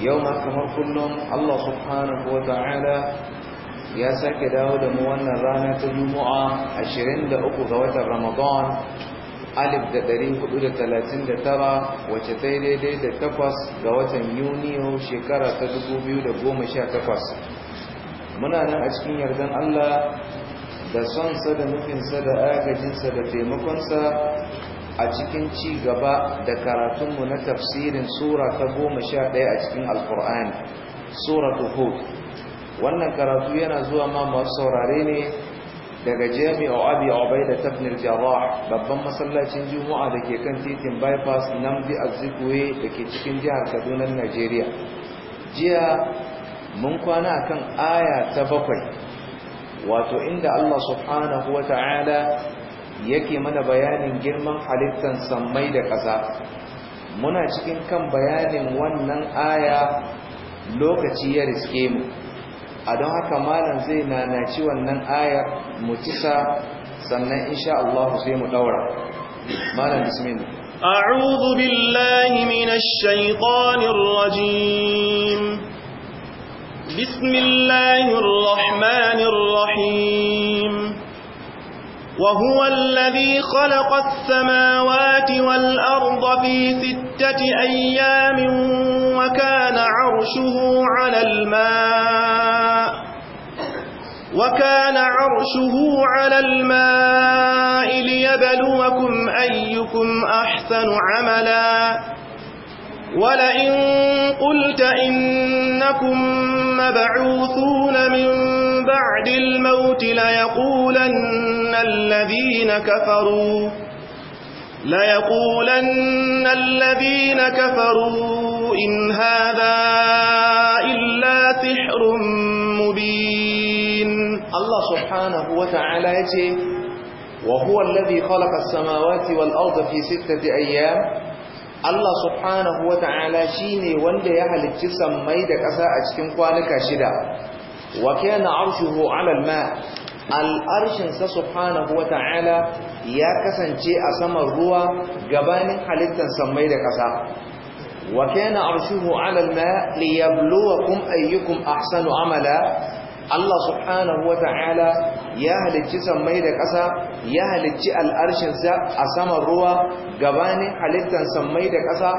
yau ma kamar kullum Allah subhanahu wa ta'ala ya sake dawo da mu wannan rana ta Juma'a 23 ga watan Ramadan 1439 wacce ta yi daidai da takwas ga watan Yuniyo shekara ta 2018 muna nan a cikin yardan Allah da sonsa da nufinsa da agajinsa da taimakonsa a cikin ci gaba da karatunmu na tafsirin sura ta goma sha ɗaya a cikin alkur'ani sura ta hud wannan karatu yana zuwa ma masu saurare ne daga jami'a abi obai da tabnir jarrah babban masallacin juma'a da ke kan titin bypass namdi azikwe da ke cikin jihar kaduna najeriya jiya mun kwana kan aya ta bakwai wato inda allah subhanahu wa ta'ala yake mana bayanin girman halittar sammai da ƙasa muna cikin kan bayanin wannan aya lokaci ya riske mu a don haka malam zai nanaci wannan ayar mu tisa sannan insha Allah sai mu daura malam bismillah a'udhu billahi minash shaitanir rajim bismillahir rahmanir rahim وهو الذي خلق السماوات والأرض في ستة أيام وكان عرشه على الماء وكان عرشه على الماء ليبلوكم أيكم أحسن عملاً ولئن قلت إنكم مبعوثون من بعد الموت ليقولن الذين كفروا ليقولن الذين كفروا إن هذا إلا سحر مبين الله سبحانه وتعالى وهو الذي خلق السماوات والأرض في ستة أيام Allah subhanahu wa ta'ala shi ne wanda ya halicci sammai da ƙasa a cikin kwanuka shida, wa kyana arshuhu alal ma, al'arshinsa subhanahu wa ta'ala ya kasance a saman ruwa gabanin halittar sammai da ƙasa. Wa kyana arshuhu alal ma liyabluwakum ayyukum ahsanu amala, Allah subhanahu wa ta'ala ya halicci sammai da ƙasa ya halicci al'arshinsa a saman ruwa gabanin halittar sammai da ƙasa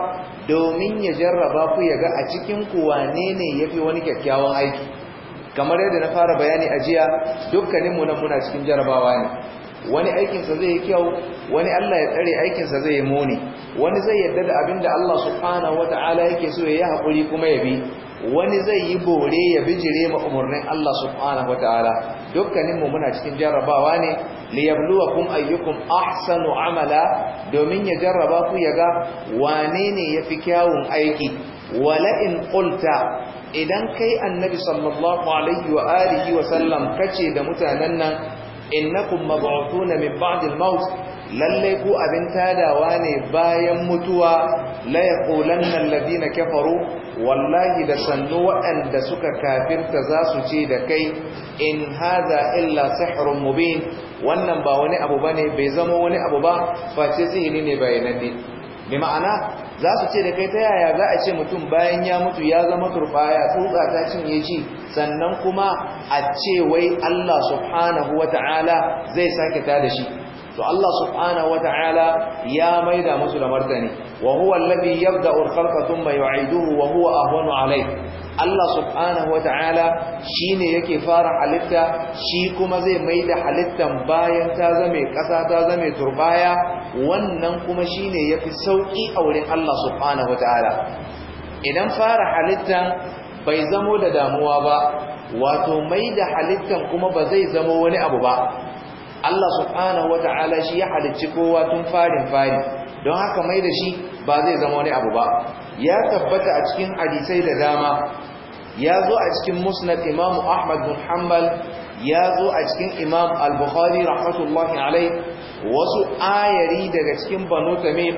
domin ya jarraba ku ya ga a cikin kuwa ne ne ya fi wani kyakkyawan aiki kamar yadda na fara bayani a jiya dukkaninmu na muna cikin jarrabawa ne wani aikinsa zai yi kyau wani Allah ya tsare aikinsa zai yi muni wani zai yarda da abin da Allah subhanahu ala yake so ya yi haƙuri kuma ya bi wani zai yi bore ya bijire ma umarnin Allah subhanahu wataala dukkanin mu muna cikin jarrabawa ne liyabluwakum ayyukum ahsanu amala domin ya jarraba ku yaga wane ne yafi kyawun aiki wala in qulta idan kai annabi sallallahu alaihi wa alihi wa sallam kace da mutanen nan innakum mab'utuna min ba'd al-maut lalle ku abin tadawa ne bayan mutuwa la yaqulanna alladhina kafaru wallahi da sannu waɗanda suka kafirta za su ce da kai in haza illa sihrun mubin wannan ba wani abu ne, bai zama wani abu ba face sihiri ne bayananne bi ma'ana za su ce da kai ta yaya za a ce mutum bayan ya mutu ya zama turfaya, tsutsa ta cinye shi sannan kuma a ce wai Allah subhanahu wata'ala zai sake ta da shi to Allah subhanahu wata'ala ya maida musu da martani wa huwa alladhi yabda'u al-khalqa thumma yu'iduhu wa huwa ahwanu alayh Allah subhanahu wata'ala shine yake fara halitta shi kuma zai maida halittan bayan ta zame kasa ta zame turbaya wannan kuma shine yafi sauki a wurin Allah subhanahu wata'ala idan fara halittan bai zamo da damuwa ba wato mai da halittan kuma ba zai zama wani abu ba Allah subhanahu wata'ala shi ya halicci kowa tun farin fari don haka mai da shi ba zai zama wani abu ba ya tabbata a cikin hadisai da dama ya zo a cikin musnad imamu ahmad bin hanbal ya zo a cikin imam al-bukhari rahmatullahi alai wasu ayari daga cikin banu tamim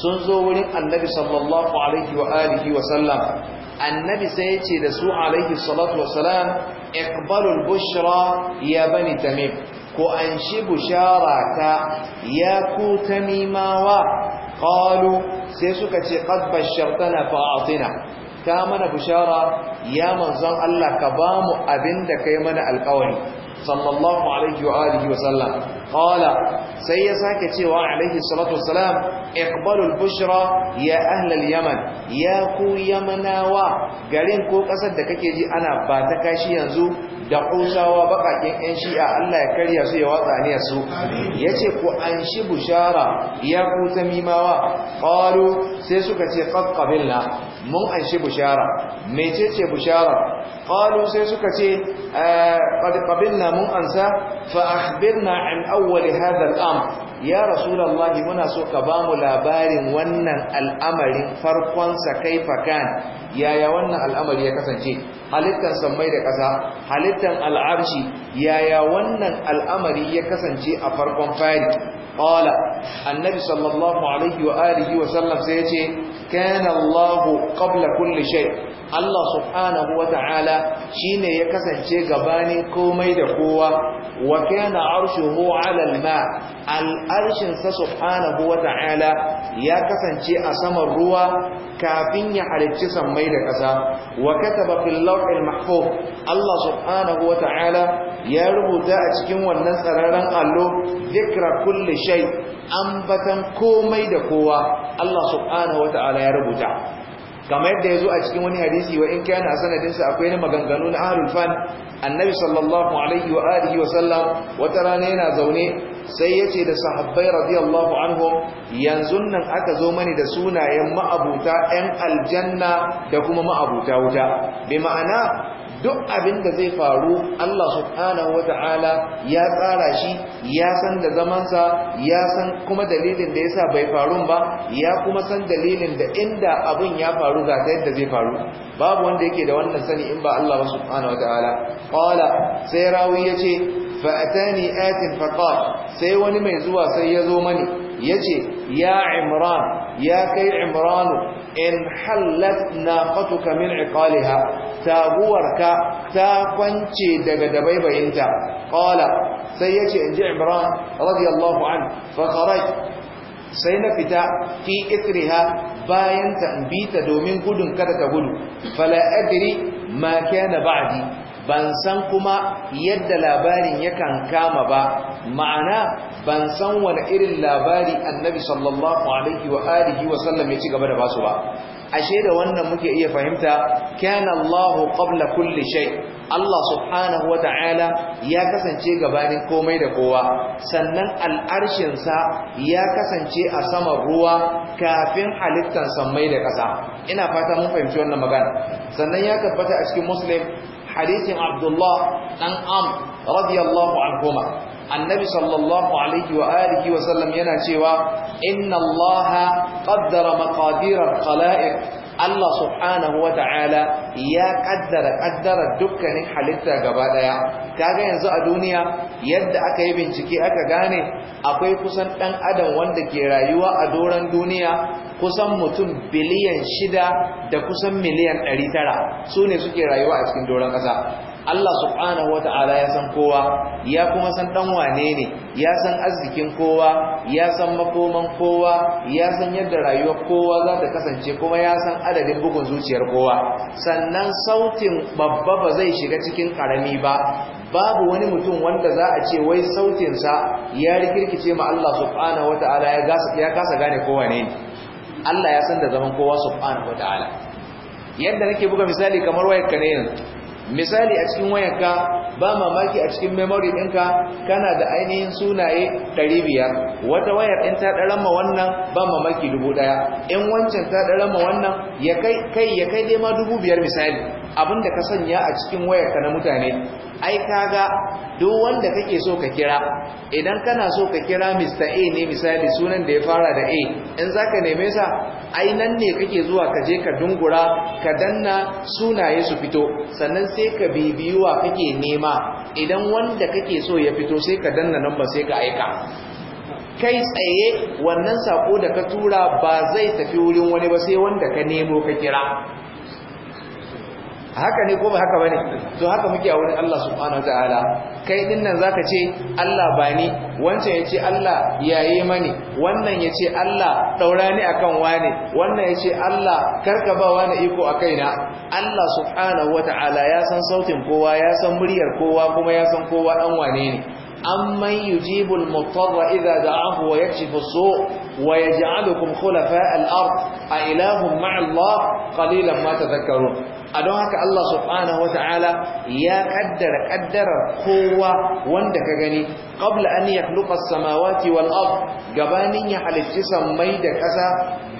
sun zo wurin annabi sallallahu alaihi wa alihi wa sallam annabi sai ya ce da su alaihi salatu wa salam iqbalul bushra ya bani tamim ko an shi bushara ta ya ku mimawa? qalu sai suka ce qad shartana fa ta mana bushara ya manzon Allah ka ba mu abinda kai mana alƙawari sallallahu alaihi wa alihi wa sallam qala sai ya sake cewa alaihi salatu wassalam iqbalu bushra ya ahlal yaman. ya ku yamanawa garin ko ƙasar da kake ji ana ba ta kashi yanzu da hausawa bakakin 'yan shi'a Allah ya karya su ya watsa ne su ya ce ku an shi bushara ya ku tamimawa ƙwaro sai suka ce ƙaƙƙabilla mun anshi bushara mecece bushara qalu sai suka ce eh, qad qabilna mun ansa fa akhbirna an awwal hadha al-amr ya rasulullah muna so ka ba mu labarin wannan al'amarin farkon sa kaifa kan yaya wannan al'amari ya kasance halittan samai da ƙasa halittan al'arshi yaya wannan al'amari ya kasance a farkon fari qala annabi sallallahu alaihi wa alihi wa sallam sai yace kana Allah qabla kulli shai Allah subhanahu wa ta'ala shine ya kasance gabani komai da kowa wa kana arshuhu ala alma al'arshin sa subhanahu wa ta'ala ya kasance a saman ruwa kafin ya halicci sammai da ƙasa wa kataba fil lawhil mahfuz Allah subhanahu wa ta'ala ya rubuta a cikin wannan tsararren allo zikra kulli shay ambatan komai da kowa Allah subhanahu wataala ya rubuta kamar yadda yazo a cikin wani hadisi wa in kana sanadin sa akwai na maganganu na ahlul fan annabi sallallahu alaihi wa alihi wa sallam wata rana yana zaune sai yace da sahabbai radiyallahu anhum yanzu nan aka zo mani da sunayen ma'abuta ɗan aljanna da kuma ma'abuta wuta bi ma'ana duk abin da zai faru Allah subhanahu Ta'ala ya tsara shi ya san da zamansa ya san kuma dalilin da yasa bai faru ba ya kuma san dalilin da inda abin ya faru ga ta yadda zai faru babu wanda yake da wannan sani in ba Allah subhanahu Ta'ala. qala sai rawi yace fa atani atin faqat sai wani mai zuwa sai ya zo mani yace ya imran ya kai imranu in hallat naqatuka min iqaliha taguwarka ta kwance daga dabaibayinta qala sai yace inji imran radiyallahu an fa kharaj sai na fita fi isriha bayan ta bita domin gudun kada ta gudu fala adri ma kana ba'di ban san kuma yadda labarin yakan kama ba ma'ana ban san wani irin labari annabi sallallahu alaihi wa alihi wa sallam ya ci gaba da basu ba ashe da wannan muke iya fahimta kana Allahu qabla kulli shay Allah subhanahu wata'ala ya kasance gabanin komai da kowa sannan al'arshin sa ya kasance a saman ruwa kafin halittar mai da ƙasa ina fata mun fahimci wannan magana sannan ya tabbata a cikin muslim hadisin Abdullah dan Am radiyallahu anhuma annabi sallallahu alaihi wa alihi wa sallam yana cewa inna allaha qaddara maqadir al Allah subhanahu wa ta'ala ya kaddara kaddara dukkanin halitta gaba daya kaga yanzu a duniya yadda aka yi bincike aka gane akwai kusan dan adam wanda ke rayuwa a doran duniya kusan mutum biliyan shida da kusan miliyan ɗari tara su ne suke rayuwa a cikin doron ƙasa Allah subhanahu wata'ala ya san kowa ya kuma san dan wane ne ya san arzikin kowa ya san makoman kowa ya san yadda rayuwar kowa za ta kasance kuma ya san adadin bugun zuciyar kowa sannan sautin babba ba zai shiga cikin karami ba babu wani mutum wanda za a ce wai sautinsa ya rikirkice ma Allah subhanahu wata'ala ya kasa gane kowa ne Allah ya san da zaman kowa subhanahu wata'ala yadda nake buga misali kamar wayar ka ne misali a cikin wayarka ba mamaki a cikin memory ɗinka kana da ainihin sunaye 500 wata wayar ɗin ta ɗarama wannan ba mamaki 1000 in wancan ta ɗarama wannan ya kai ya kai dai ma 2000 misali abin da ka sanya a cikin ka na mutane ai kaga duk wanda kake so ka kira idan kana so ka kira Mr. A ne misali sunan da ya fara da A in zaka neme sa ai nan ne kake zuwa ka je ka dungura ka danna sunaye su fito sannan sai ka bibiyuwa kake nema idan wanda kake so ya fito sai ka danna namba sai ka aika kai tsaye wannan sako da ka tura ba zai tafi wurin wani ba sai wanda ka nemo ka kira haka ne ko ba haka bane to haka muke a wurin Allah subhanahu wataala kai din nan zaka ce Allah ba ni wancan yace Allah yaye mani wannan yace Allah daura ni akan wani wannan yace Allah ka ba wani iko a kaina Allah subhanahu wataala ya san sautin kowa ya san muryar kowa kuma ya san kowa dan wane ne أمن يجيب المضطر إذا wa ويكشف السوء ويجعلكم خلفاء a أإله مع الله قليلا ما تذكرون a don haka Allah subhanahu wata'ala ya kaddara kaddarar kowa wanda ka gani qabla an yakhluqa as-samawati wal ard gabanin ya halicci sammai da ƙasa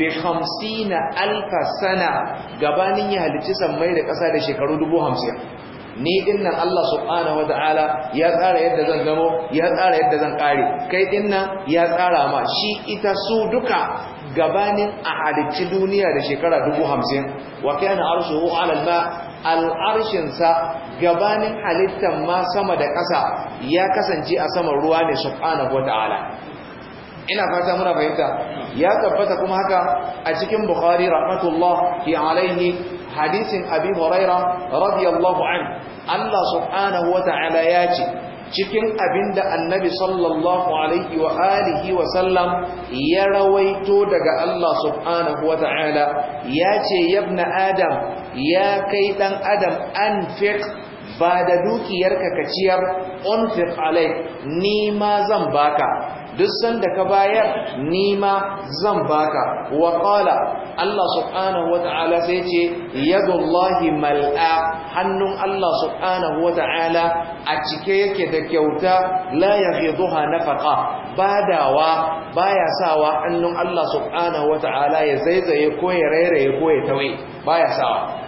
bi 50 alf sana gabanin ya halicci sammai da ƙasa da shekaru 50 ni dinnan Allah subhanahu wataala ya tsara yadda zan zamo, ya tsara yadda zan kare kai dinnan ya tsara ma shi ita su duka gabanin a halicci duniya da shekara dubu hamsin wa kana arshuhu ala alma al'arshinsa gabanin halittar ma sama da ƙasa ya kasance a saman ruwa ne subhanahu wa ta'ala ina fata muna fahimta ya tabbata kuma haka a cikin bukhari rahmatullahi alaihi hadisin abi huraira radiyallahu an Allah subhanahu wa ta'ala ya ce cikin abinda annabi sallallahu alaihi wa alihi wa sallam ya rawaito daga Allah subhanahu wa ta'ala ya ce yabna adam ya kai dan adam anfiq ba da dukiyarka kaciyar ciyar unfiq alai ni ma zan baka duk sanda ka bayar nima zan baka wa qala Allah subhanahu wata'ala sai ce yadullahi mal'a hannun Allah subhanahu wata'ala a cike yake da kyauta la yaghiduha nafaqa badawa baya sawa hannun Allah subhanahu wata'ala ya zaizaye ko ya rairaye ko ya tawaye baya sawa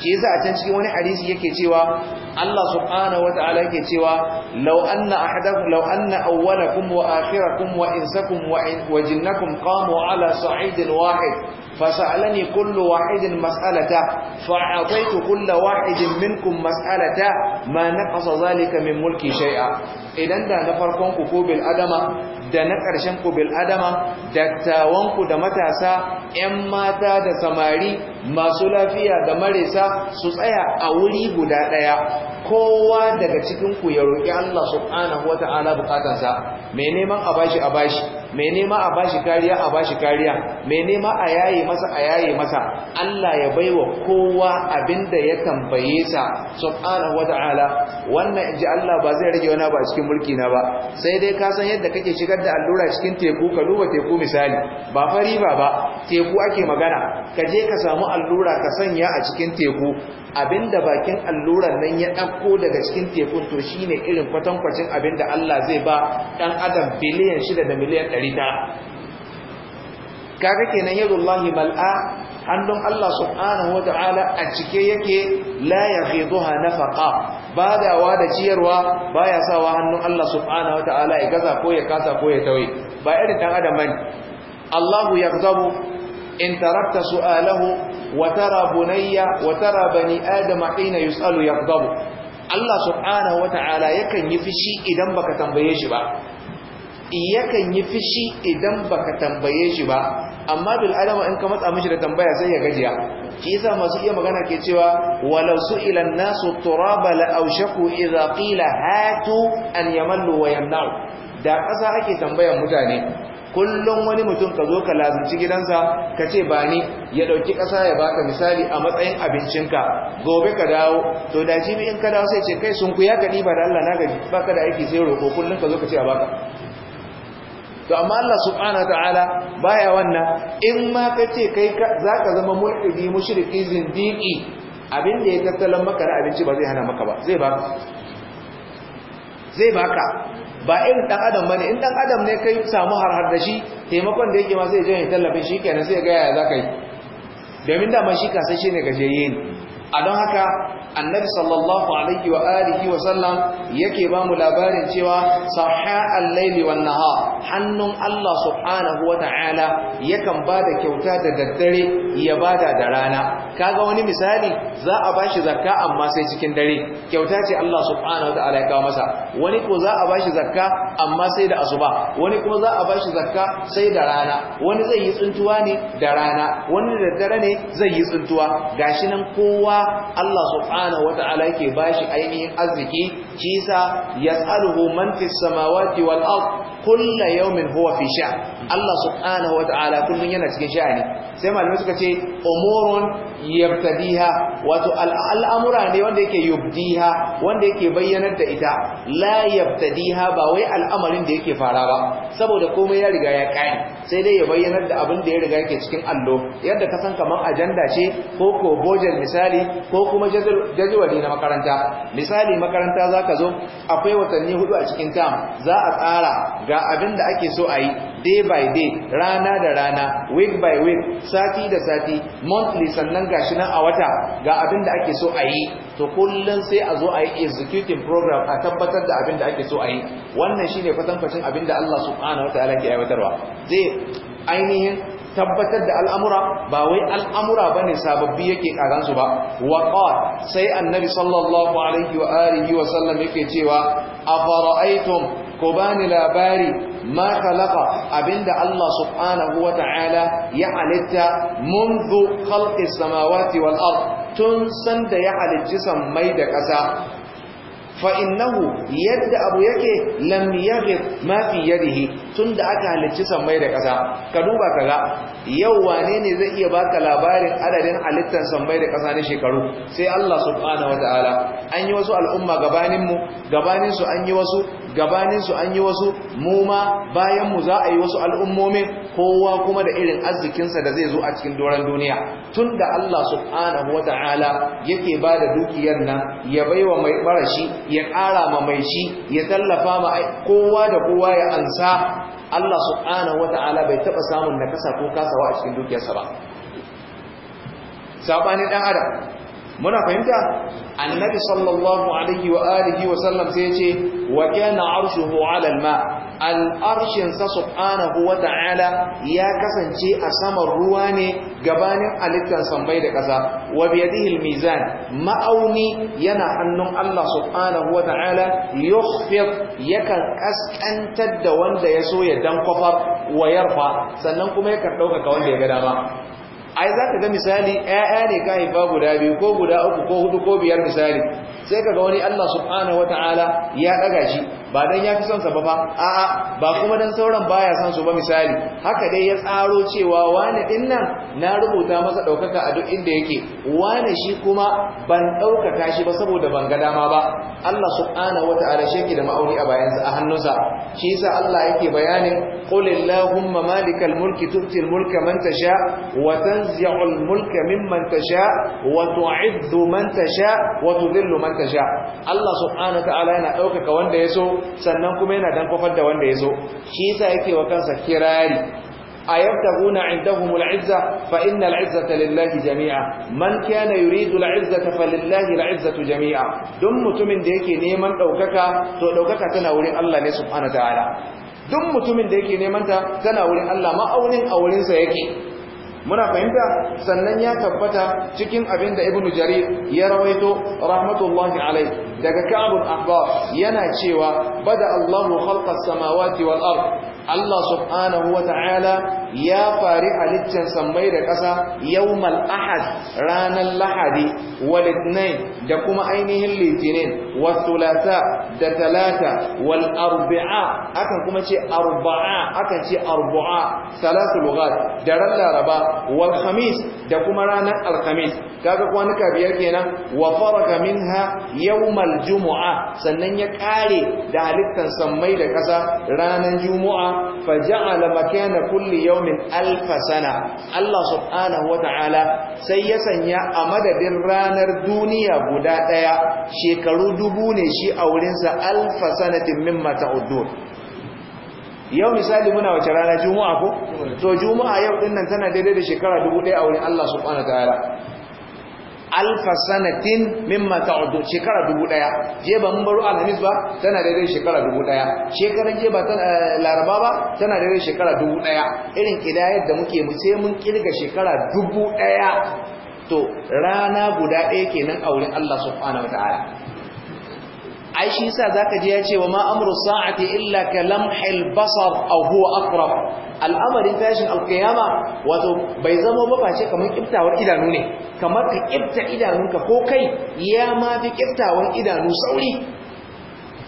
Ke yasa a can cikin wani hadisi yake cewa Allah subhanahu wata'ala yake cewa law anna ahadakum law anna awwalakum wa akhirakum wa insakum wa jinnakum qamu ala sa'idin wahid fasalani kullu wahidin mas'alata fa'ataytu kullu wahidin minkum mas'alata ma naqasa dhalika min mulki shay'a idan da na farkon ku ko bil adama da na ƙarshen ku bil adama dattawan ku da matasa 'yan mata da samari masu lafiya da marisa su tsaya a wuri guda ɗaya kowa daga cikin ku ya roƙi Allah subhanahu wata'ala bukatansa mai neman a bashi a bashi mai nema a bashi kariya a bashi kariya mai nema a yayi masa a yayi masa Allah ya baiwa kowa abinda ya tambaye sa subhanahu wata'ala wannan inji Allah ba zai rage wani ba cikin mulki na ba sai dai ka san yadda kake shigar da allura cikin teku ka duba teku misali ba fari ba ba teku ake magana ka je ka samu allura ka sanya a cikin teku abinda bakin alluran nan ya ɗauko daga cikin tekun to shine irin irin kwatankwacin abinda Allah zai ba ɗan adam biliyan shida da miliyan ɗari ta. kaga kenan yadullahi mal'a hannun Allah subhanahu wa a cike yake la yaghiduha nafaqa badawa da ciyarwa baya sawa hannun Allah subhanahu wa ya gaza ko ya kasa ko ya tawaye ba irin dan adam bane Allahu yaghdabu in tarakta su'alahu wa tara bunayya wa tara bani adama hina yus'alu yaghdabu Allah subhanahu ta'ala yakan yi fishi idan baka tambaye shi ba yakan yi fishi idan baka tambaye shi ba amma bil adama in ka matsa mishi da tambaya sai ya gajiya shi yasa masu iya magana ke cewa walau su'ila an-nasu turaba la awshaku idza qila hatu an yamallu wa yamna'u da ƙasa ake tambayan mutane kullum wani mutum ka zo ka lazumci gidansa ka ce ba ni ya ɗauki ƙasa ya baka misali a matsayin abincinka gobe ka dawo to da jibi in ka dawo sai ce kai sun kuya ka da Allah na gaji ba ka da aiki sai roko kullum ka zo ka ce a baka to amma Allah subhanahu ta'ala baya wannan in ma ka ce kai za ka zama mulkidi mushriki zindiki abin da ya tattalin maka da abinci ba zai hana maka ba zai baka zai baka ba irin dan adam bane in dan adam ne kai samu harhar da shi taimakon da yake ma zai je ya tallafin shi kenan sai ga yaya zaka yi domin ma shi kasance ne gajeye ne a don haka annabi sallallahu alaihi wa alihi wa sallam yake ba mu labarin cewa saha al-laili wan nahar hannun Allah subhanahu wa ta'ala yakan bada kyauta da daddare ya bada da rana kaga wani misali za a bashi zakka amma sai cikin dare kyauta ce Allah subhanahu wa ta'ala ya kawo masa wani ko za a bashi zakka amma sai da asuba wani kuma za a bashi zakka sai da rana wani zai yi tsuntuwa ne da rana wani da daddare ne zai yi tsuntuwa gashi nan kowa Allah subhanahu subhanahu ta'ala yake bashi ainihin arziki cisa yasa yas'aluhu man fis samawati wal ard kullu yawmin huwa fi sha Allah subhanahu ta'ala kullun yana cikin sha'ani sai malamai suka ce umurun yabtadiha wato al'amura ne wanda yake yubdiha wanda yake bayyanar da ita la yabtadiha ba wai al'amarin da yake fara ba saboda komai ya riga ya kai sai dai ya bayyanar da abin da ya riga yake cikin allo yadda ka san kamar ajanda ce ko ko bojan misali ko kuma jadal jadawali na makaranta misali makaranta za ka zo akwai watanni hudu a cikin tam za a tsara ga abin da ake so a yi day by day rana da rana week by week sati da sati monthly sannan gashi nan a wata ga abin da ake so a yi to kullum sai a zo a yi executing program a tabbatar da abin da ake so a yi wannan shine kwatankwacin abin da Allah subhanahu wataala ke aiwatarwa zai ainihin tabbatar da al'amura ba wai al'amura ba ne sababbi yake ƙaransu ba waƙar sai annabi sallallahu alaihi wa alihi wa sallam yake cewa a fara'aitun ku ba ni labari ma kalafa, abinda Allah subhanahu wa ta'ala ya halitta munzu kalƙi samawati wal'ar tun sanda ya halicci sammai da ƙasa fa'innahu yadda abu yake lam mafi ma fi tun da aka halicci sammai da ƙasa ka duba ka ga yau wane ne zai iya baka labarin adadin halittar sammai da ƙasa na shekaru sai Allah subhanahu wataala an yi wasu al'umma gabanin mu an yi wasu gabanin su an yi wasu mu ma bayan mu za a yi wasu al'ummomin kowa kuma da irin arzikinsa da zai zo a cikin doron duniya Tunda Allah subhanahu wataala yake ba da dukiyar nan ya baiwa mai marashi ya ƙara ma mai shi ya tallafa ma kowa da kowa ya ansa Allah subhanahu wata'ala bai taba samun nakasa ko kasawa a cikin dukiyarsa ba sabani dan adam muna fahimta annabi sallallahu alaihi wa alihi wa sallam sai ya ce wa kana arshuhu ala al-ma al'arshinsa subhanahu wa ta'ala ya kasance a saman ruwa ne gabanin halittar sambai da ƙasa wa mizan ma'auni yana hannun Allah subhanahu wa ta'ala yukhfid yakan ƙasƙantar da wanda ya so ya kwafar wa yarfa sannan kuma yakan ɗaukaka wanda ya ga dama ai za ka ga misali ‘ya'ya ne ka haifa guda biyu ko guda uku ko hudu ko biyar misali sai ka ga wani Allah subhanahu wa ta'ala ya ɗaga shi ba dan ya fi son sa ba fa a'a ba kuma dan sauran baya son su ba misali haka dai ya tsaro cewa wani din nan na rubuta masa daukaka a duk inda yake wani shi kuma ban daukaka shi ba saboda ban ga dama ba Allah subhanahu wataala shi yake da ma'auni a bayansa a hannunsa shi yasa Allah yake bayanin qul illahumma malikal mulki tu'til mulka man tasha wa tanzi'ul mulka mimman tasha wa tu'izzu man tasha wa tudhillu man tasha Allah subhanahu wataala yana daukaka wanda ya so sannan kuma yana dan kofar da wanda ya zo shi yasa yake wa kansa kirari ayabtaguna indahumul izza fa innal izzata lillahi jami'a man kana yuridu al izzata falillahi al izzatu jami'a duk mutumin da yake neman daukaka to daukaka tana wurin Allah ne subhanahu ta'ala duk mutumin da yake neman ta tana wurin Allah ma aurin aurin sa yake muna fahimta sannan ya tabbata cikin abinda ibnu jarir ya rawaito rahmatullahi alaihi daga kabun ahbar yana cewa bada Allahu halkar samawati wal ard Allah subhanahu wa ta'ala ya fari halittar sammai da ƙasa yawmal ahad ranar lahadi wal itnain da kuma ainihin litinin wal da talata wal arba'a akan kuma ce arba'a akan ce arba'a salasu lughat da ran laraba wal khamis da kuma ranar alkhamis kaga kwanuka biyar kenan wa faraka minha yawmal yawmal jumu'a sannan ya kare da halittar sammai da ƙasa ranar jumu'a fa ja'ala makana kulli yawmin alf sana Allah subhanahu wata'ala sai ya sanya a madadin ranar duniya guda ɗaya shekaru dubu ne shi a sa alf sanatin mimma ta'udun yau misali muna wace rana juma'a ko to juma'a yau din nan tana daidai da shekara daya a wurin Allah subhanahu wataala Alfasanatin sanatin mimma ta'uddu shekara dubu daya je ba mun baro alhamis ba tana da shekara dubu daya shekaran je ba eh, laraba ba tana da shekara dubu daya irin kidayar da muke mu sai mun kirga shekara dubu daya to rana guda ɗaya kenan a wurin Allah subhanahu wataala ai shi yasa zaka ji ya ce wa ma amru sa'ati illa ka lamhil basar aw huwa aqrab al'amarin tashin alqiyama wato bai zama ba face kamar kiftawar idanu ne kamar ka kifta idanunka ko kai ya ma fi kiftawan idanu sauri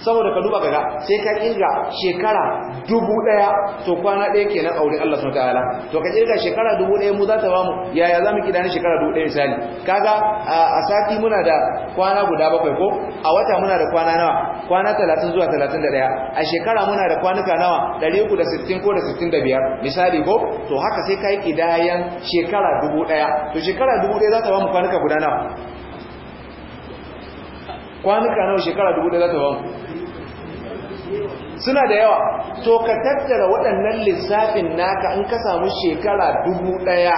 saboda ka duba gaga sai ka kirga shekara dubu daya to kwana daya kenan aure Allah subhanahu wataala to ka kirga shekara dubu daya mu za ta bamu yaya za mu ne shekara dubu daya misali kaga a sati muna da kwana guda bakwai ko a wata muna da kwana nawa kwana 30 zuwa 31 a shekara muna da kwanuka nawa 360 ko da 65 misali ko to haka sai ka yi kidayan shekara dubu daya to shekara dubu daya za ta bamu kwanuka guda nawa kwanuka nawa shekara dubu daya za ta bamu suna da yawa to ka tattara waɗannan lissafin naka in ka samu shekara dubu ɗaya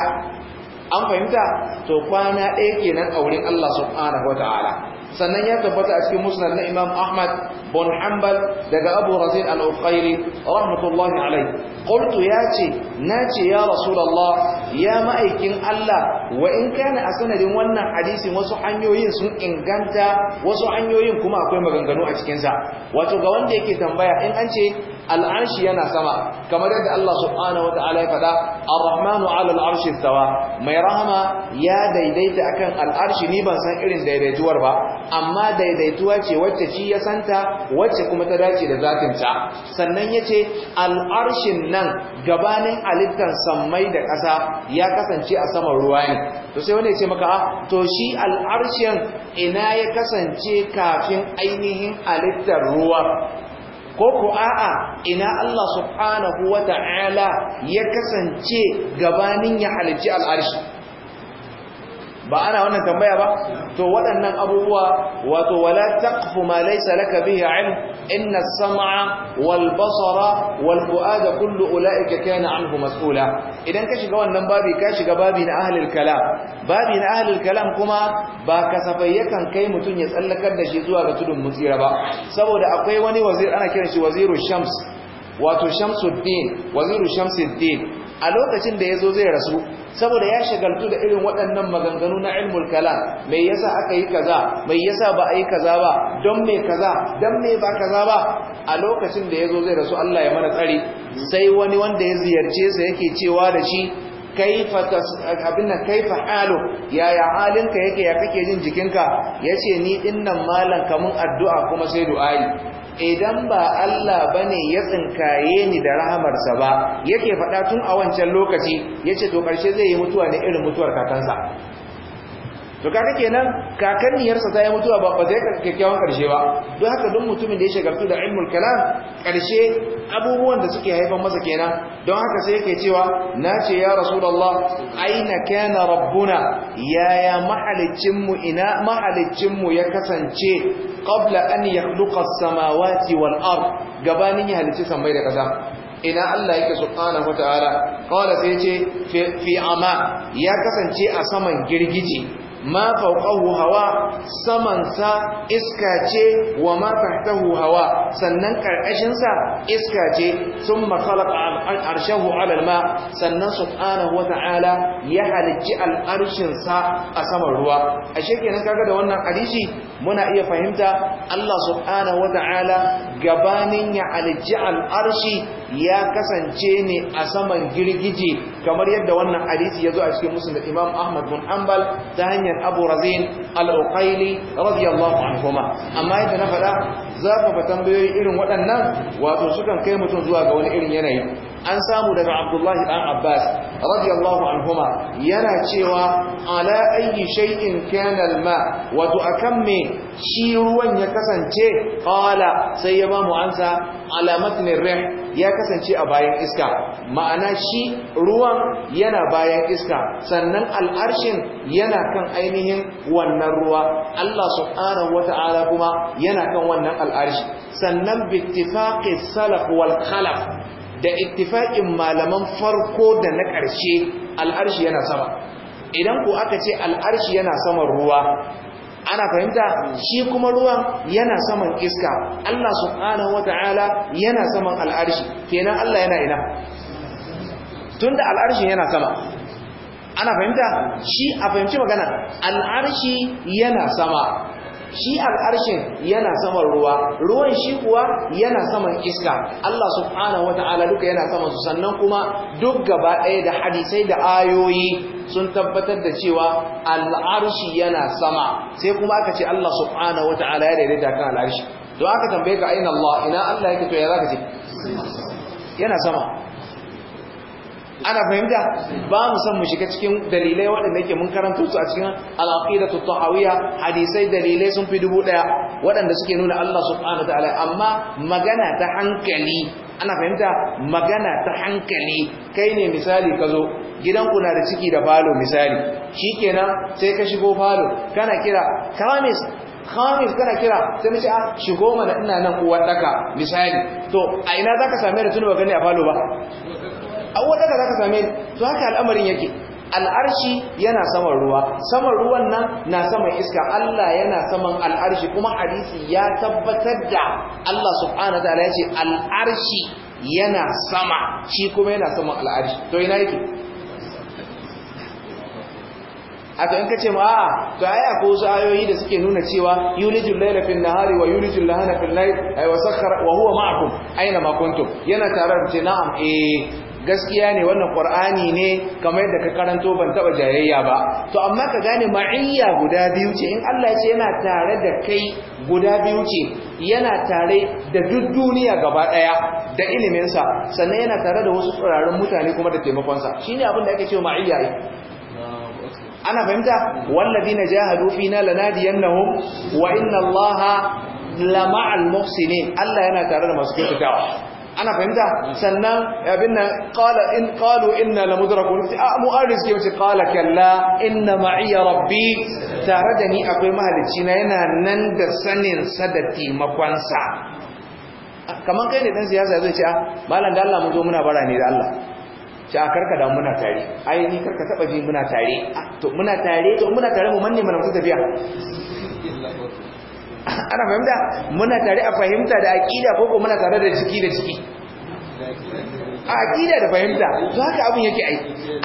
an fahimta to kwana ɗaya kenan a wurin Allah subhanahu wa ta'ala sannan ya tabbata a cikin musnad na Imam Ahmad bin Hanbal daga Abu Razin al-Ukhairi rahmatullahi ya qultu yace nace ya Rasulullah ya ma'aikin Allah wa in kana a sanadin wannan hadisin wasu hanyoyin sun inganta wasu hanyoyin kuma akwai maganganu a cikin sa wato ga wanda yake tambaya in an ce al'arshi yana sama kamar yadda Allah subhanahu wata'ala ya faɗa ar-rahmanu 'ala al-arshi mai rahama ya daidaita akan al'arshi ni ban san irin daidaituwar ba amma daidaituwa ce wacce ci ya santa wacce kuma ta dace da zatin ta sannan yace al'arshin nan gabanin alittan sammai da ƙasa ya kasance a saman ruwa ne to sai wanda yace maka ah, to shi al'arshin ina ya kasance kafin ainihin halittar ruwa ko ku a'a ina Allah subhanahu wata'ala ya kasance gabanin ya halarci al'arshi ba ana wannan tambaya ba to waɗannan abubuwa wato wala taqfu ma laysa laka bihi ilm inna as-sam'a wal basara wal fu'ada kullu ulaika kana anhu mas'ula idan ka shiga wannan babi ka shiga babi na ahlul kalam babi na kalam kuma ba kasafai yakan kai mutun ya tsallakar da shi zuwa ga tudun mutsira ba saboda akwai wani wazir ana kiran shi waziru shams wato shamsuddin waziru shamsuddin a lokacin da ya zo zai rasu saboda ya shagaltu da irin waɗannan maganganu na ilmul kalam mai yasa aka yi kaza mai yasa ba a yi kaza ba don me kaza don me ba kaza ba a lokacin da ya zo zai rasu Allah ya mana tsari sai wani wanda ya ziyarce sa yake cewa da shi kaifa abin nan kaifa halu yaya halinka yake ya kake jin jikinka Ya ce ni dinnan malam kamun addu'a kuma sai du'ai idan ba Allah ba ne ya tsinkaye ni da rahamarsa ba yake faɗa tun a wancan lokaci yace to ƙarshe zai yi mutuwa ne irin mutuwar kakansa to kaga kenan kakanniyarsa ta yi mutuwa ba ba zai kyakkyawan karshe ba don haka don mutumin da ya shagaltu da ilmul kalam karshe abubuwan da suke haifan masa kenan don haka sai yake cewa na ce ya rasulullah aina kana rabbuna yaya mahaliccinmu ina mahaliccinmu ya kasance qabla an yakhluqa as-samawati wal ard gabanin ya halicci sammai da kasa ina Allah yake subhanahu wataala qala sai ce fi ama ya kasance a saman girgije ma fawqahu hawa samansa iska ce wa ma tahtahu hawa sannan ƙarƙashinsa iska ce thumma khalaqa al'arshahu 'ala al-ma sannan subhanahu ta'ala ya halicci al'arshinsa a saman ruwa ashe kenan kaga da wannan hadisi muna iya fahimta Allah subhanahu ta'ala. gabanin ya alji al'arshi ya kasance ne a saman girgije kamar yadda wannan hadisi ya zo a cikin musulun imam ahmad bin ambal ta hanyar abu razin al'ukaili radiyallahu anhuma amma yadda na faɗa zafafa tambayoyi irin waɗannan wato sukan kai mutum zuwa ga wani irin yanayi an samu daga abdullahi Ɗan abbas radiyallahu anhuma yana cewa ala ayi shay'in kana alma wato akan me shi ruwan ya kasance qala sai ya ba ansa ala matn ya kasance a bayan iska ma'ana shi ruwan yana bayan iska sannan al'arshin yana kan ainihin wannan ruwa Allah subhanahu wata'ala kuma yana kan wannan al'arshi sannan bittifaqi salaf wal khalaf da ittifaqin malaman farko da na ƙarshe al'arshi yana sama idan ko aka ce al'arshi yana saman ruwa ana fahimta shi kuma ruwan yana saman iska Allah subhanahu wata'ala yana saman al'arshi kenan Allah yana ina tunda al'arshi yana sama ana fahimta shi a fahimci magana al'arshi yana sama shi al'arshin yana saman ruwa ruwan shi kuwa yana saman iska Allah subhanahu wata'ala duka yana saman su sannan kuma duk gaba ɗaya da hadisai da ayoyi sun tabbatar da cewa al'arshi yana sama sai kuma aka ce Allah subhanahu wata'ala ya daidaita kan al'arshi don aka tambaye ka aina Allah ina Allah yake to ya zaka ce yana sama ana fahimta ba mu san mu shiga cikin dalilai waɗanda yake mun karanta su a cikin al-aqidatu tahawiyya hadisai dalilai sun fi dubu daya waɗanda suke nuna Allah subhanahu Ta'ala. amma magana ta hankali ana fahimta magana ta hankali kai ne misali ka zo ku na da ciki da falo misali shikenan sai ka shigo falo kana kira kamis khamis kana kira sai ce a ah, shigo mana ina nan uwar daka misali to a ina zaka same da tuni ba gani a falo ba abubuwan da za ka same to haka al'amarin yake al'arshi yana saman ruwa saman ruwan nan na saman iska Allah yana saman al'arshi kuma hadisi ya tabbatar da Allah subhanahu wataala ya ce al'arshi yana sama shi kuma yana saman al'arshi to ina yake aka in ce ma a to ai akwai wasu ayoyi da suke nuna cewa yulijul layla fil nahari wa yulijul Lahana fil layl ay wa sakhara wa huwa ma'akum aina ma kuntum yana tare da na'am eh gaskiya ne wannan qur'ani ne kamar yadda ka karanto ban taba jayayya ba to amma ka gane ma'iyya guda biyu ce in Allah ya ce yana tare da kai guda biyu ce yana tare da duk duniya gaba daya da iliminsa sannan yana tare da wasu tsirarin mutane kuma da taimakonsa shine abin da ake cewa ma'iyya ana fahimta na jahadu fina lanadiyannahum wa inna allaha lama'al muhsinin Allah yana tare da masu kyautatawa ana fahimta sannan abin nan qala in qalu inna lamudrakun a ah, mu an riske mace qala kalla inna ma'iya rabbi tare da ni akwai mahalicci na yana nan da sanin sa da taimakon sa kaman kai ne dan siyasa zai ce a ah, malam da Allah mu zo muna bara ne da Allah ce a ah, karka da muna tare ai ni karka taba bi muna tare to muna tare to muna tare mu manne mana mu tafiya ana fahimta muna tare a fahimta da aƙida ko kuma muna tare da ciki da ciki a da fahimta to haka abin yake ai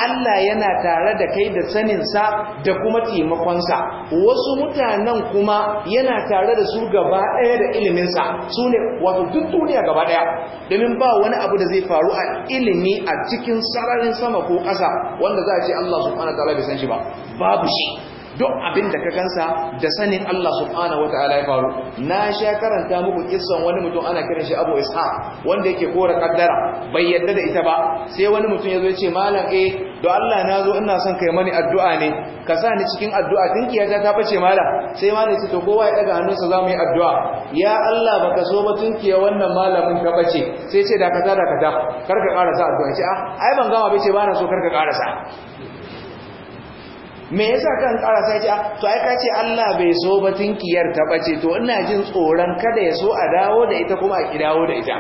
Allah yana tare da kai da sanin sa da kuma taimakonsa wasu mutanen kuma yana tare da su gaba ɗaya da iliminsa su ne wato duk duniya gaba ɗaya domin ba wani abu da zai faru a ilimi a cikin sararin sama ko ƙasa wanda za a ce Allah subhanahu wa ta'ala bai san shi ba babu shi duk abin da ka gansa da sanin Allah subhanahu wataala ya faru na sha karanta muku kissan wani mutum ana kiran shi Abu Isha, wanda yake kora kaddara bai yadda da ita ba sai wani mutum yazo ya ce malam eh don Allah na zo ina son kai mani addu'a ne ka sa ni cikin addu'a Tunkiyata ta ta bace malam sai malam ya ce to kowa ya daga hannunsa za mu yi addu'a ya Allah baka so ba tinkiya wannan malamin ka bace sai ce da ka da kar karka karasa addu'a ce ah ai ban gama bace ba na so kar ka karasa me yasa kan kara sai ce ah, to ai ka ce Allah bai so ba tinkiyar ta bace to ina jin tsoron kada ya so a dawo da ita kuma a kidawo da ita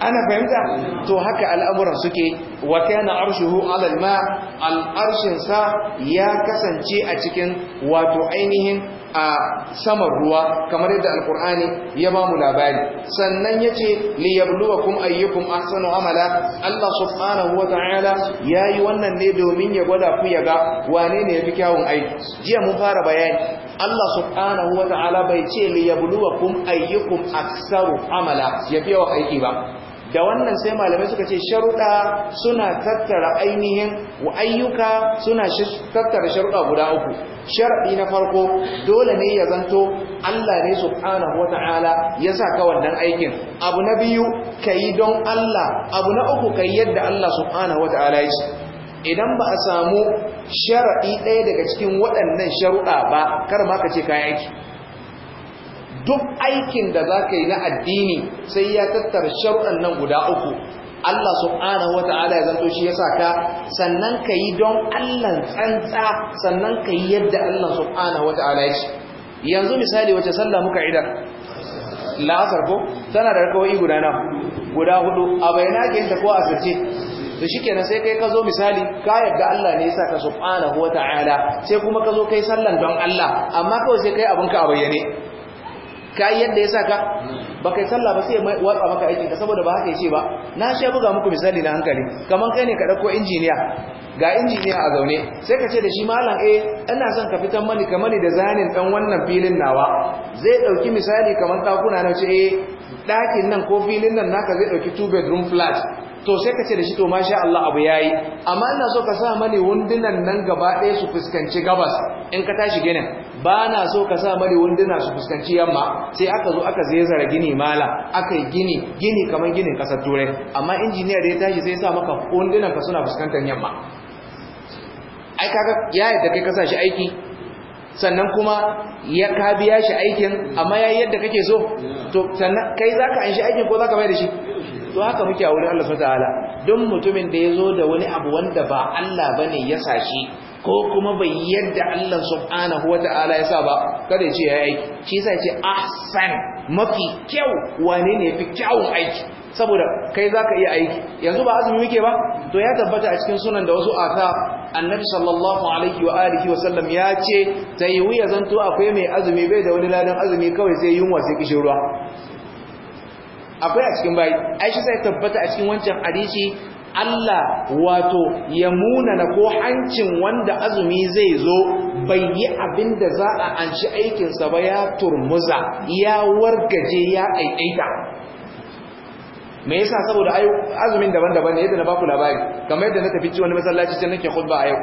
ana fahimta to haka al'amuran suke wa kana arshuhu 'ala al-ma al-arshin sa ya kasance a cikin wato ainihin a saman ruwa kamar yadda alkur'ani ya ba mu labari sannan ya ce liyabluwakum ayyukum ahsanu amala Allah subhanahu wa ta'ala ya yi wannan ne domin ya gwada ku ya ga wane ne ya fi kyawun aiki jiya mun fara bayani Allah subhanahu wa ta'ala bai ce liyabluwakum ayyukum aksaru amala ya fi yawan aiki ba da wannan sai malamai suka ce sharuɗa suna tattara ainihin ayyuka suna tattara sharuɗa guda uku sharaɗi na farko dole ne ya zanto Allah ne subhanahu wata'ala ya sa ka wannan aikin abu na biyu kayi don Allah abu na uku kayi yadda Allah subhanahu wata'ala ya ce idan ba a samu sharaɗi ɗaya daga cikin waɗannan sharuɗa ba kar ma ka ce kayan aiki duk aikin da za ka yi na addini sai ya tattara sharuɗan nan guda uku Allah subhanahu wa ta'ala ya zanto shi ya sa ka sannan ka yi don Allah tsantsa sannan ka yi yadda Allah subhanahu wa ta'ala ya ce yanzu misali wace sallah muka idan la'asar ko tana da rakawai guda na? guda hudu a bayyana ke yin ta ko a da shi kenan sai kai ka zo misali ka yadda Allah ne ya sa ka subhanahu wa ta'ala sai kuma ka zo kai sallan don Allah amma kawai sai kai abinka a bayyane ka yi yadda ya sa ka ba kai sallah ba sai watsa maka aikin ka saboda ba haka ce ba na sha buga muku misali na hankali kamar kai ne ka dauko injiniya ga injiniya a zaune sai ka ce da shi malam eh ina son ka fitan mani kamar da zanin dan wannan filin nawa zai ɗauki misali kamar dakuna na ce eh ɗakin nan ko filin nan naka zai ɗauki two bedroom flat to sai ka ce da shi to ma sha Allah abu yayi amma ina so ka sa mani wundunan nan gaba ɗaya su fuskanci gabas in ka tashi ginin ba na so ka sa mani wunduna su fuskanci yamma sai aka zo aka zezara gini mala aka yi gini gini kamar ginin ƙasar turai amma injiniya da ya tashi sai sa maka wundunan ka suna fuskantar yamma ai kaga ya yadda kai ka sa shi aiki sannan kuma ya ka biya shi aikin amma yayi yadda kake so to sannan kai zaka an shi aikin ko zaka bai da shi to haka muke a wurin Allah ta'ala don mutumin da ya zo da wani abu wanda ba Allah ba ne ya sashi ko kuma bai yadda Allah subhanahu wa ta'ala ya sa ba kada ya ce ya aiki shi sai ce ahsan mafi kyau wane ne fi kyawun aiki saboda kai zaka iya aiki yanzu ba azumi muke ba to ya tabbata a cikin sunan da wasu aka annabi sallallahu alaihi wa alihi wa sallam ya ce tayi wuya zanto akwai mai azumi bai da wani ladan azumi kawai sai yunwa sai kishin ruwa akwai a cikin bayi ai shi sai tabbata a cikin wancan hadisi Allah wato ya na ko hancin wanda azumi zai zo bai yi abin da za a anshi aikinsa ba ya turmuza ya wargaje ya aikaita me yasa saboda azumin daban-daban ne yadda na baku labari kamar yadda na tafi ci wani masallaci sai nake khutba a yau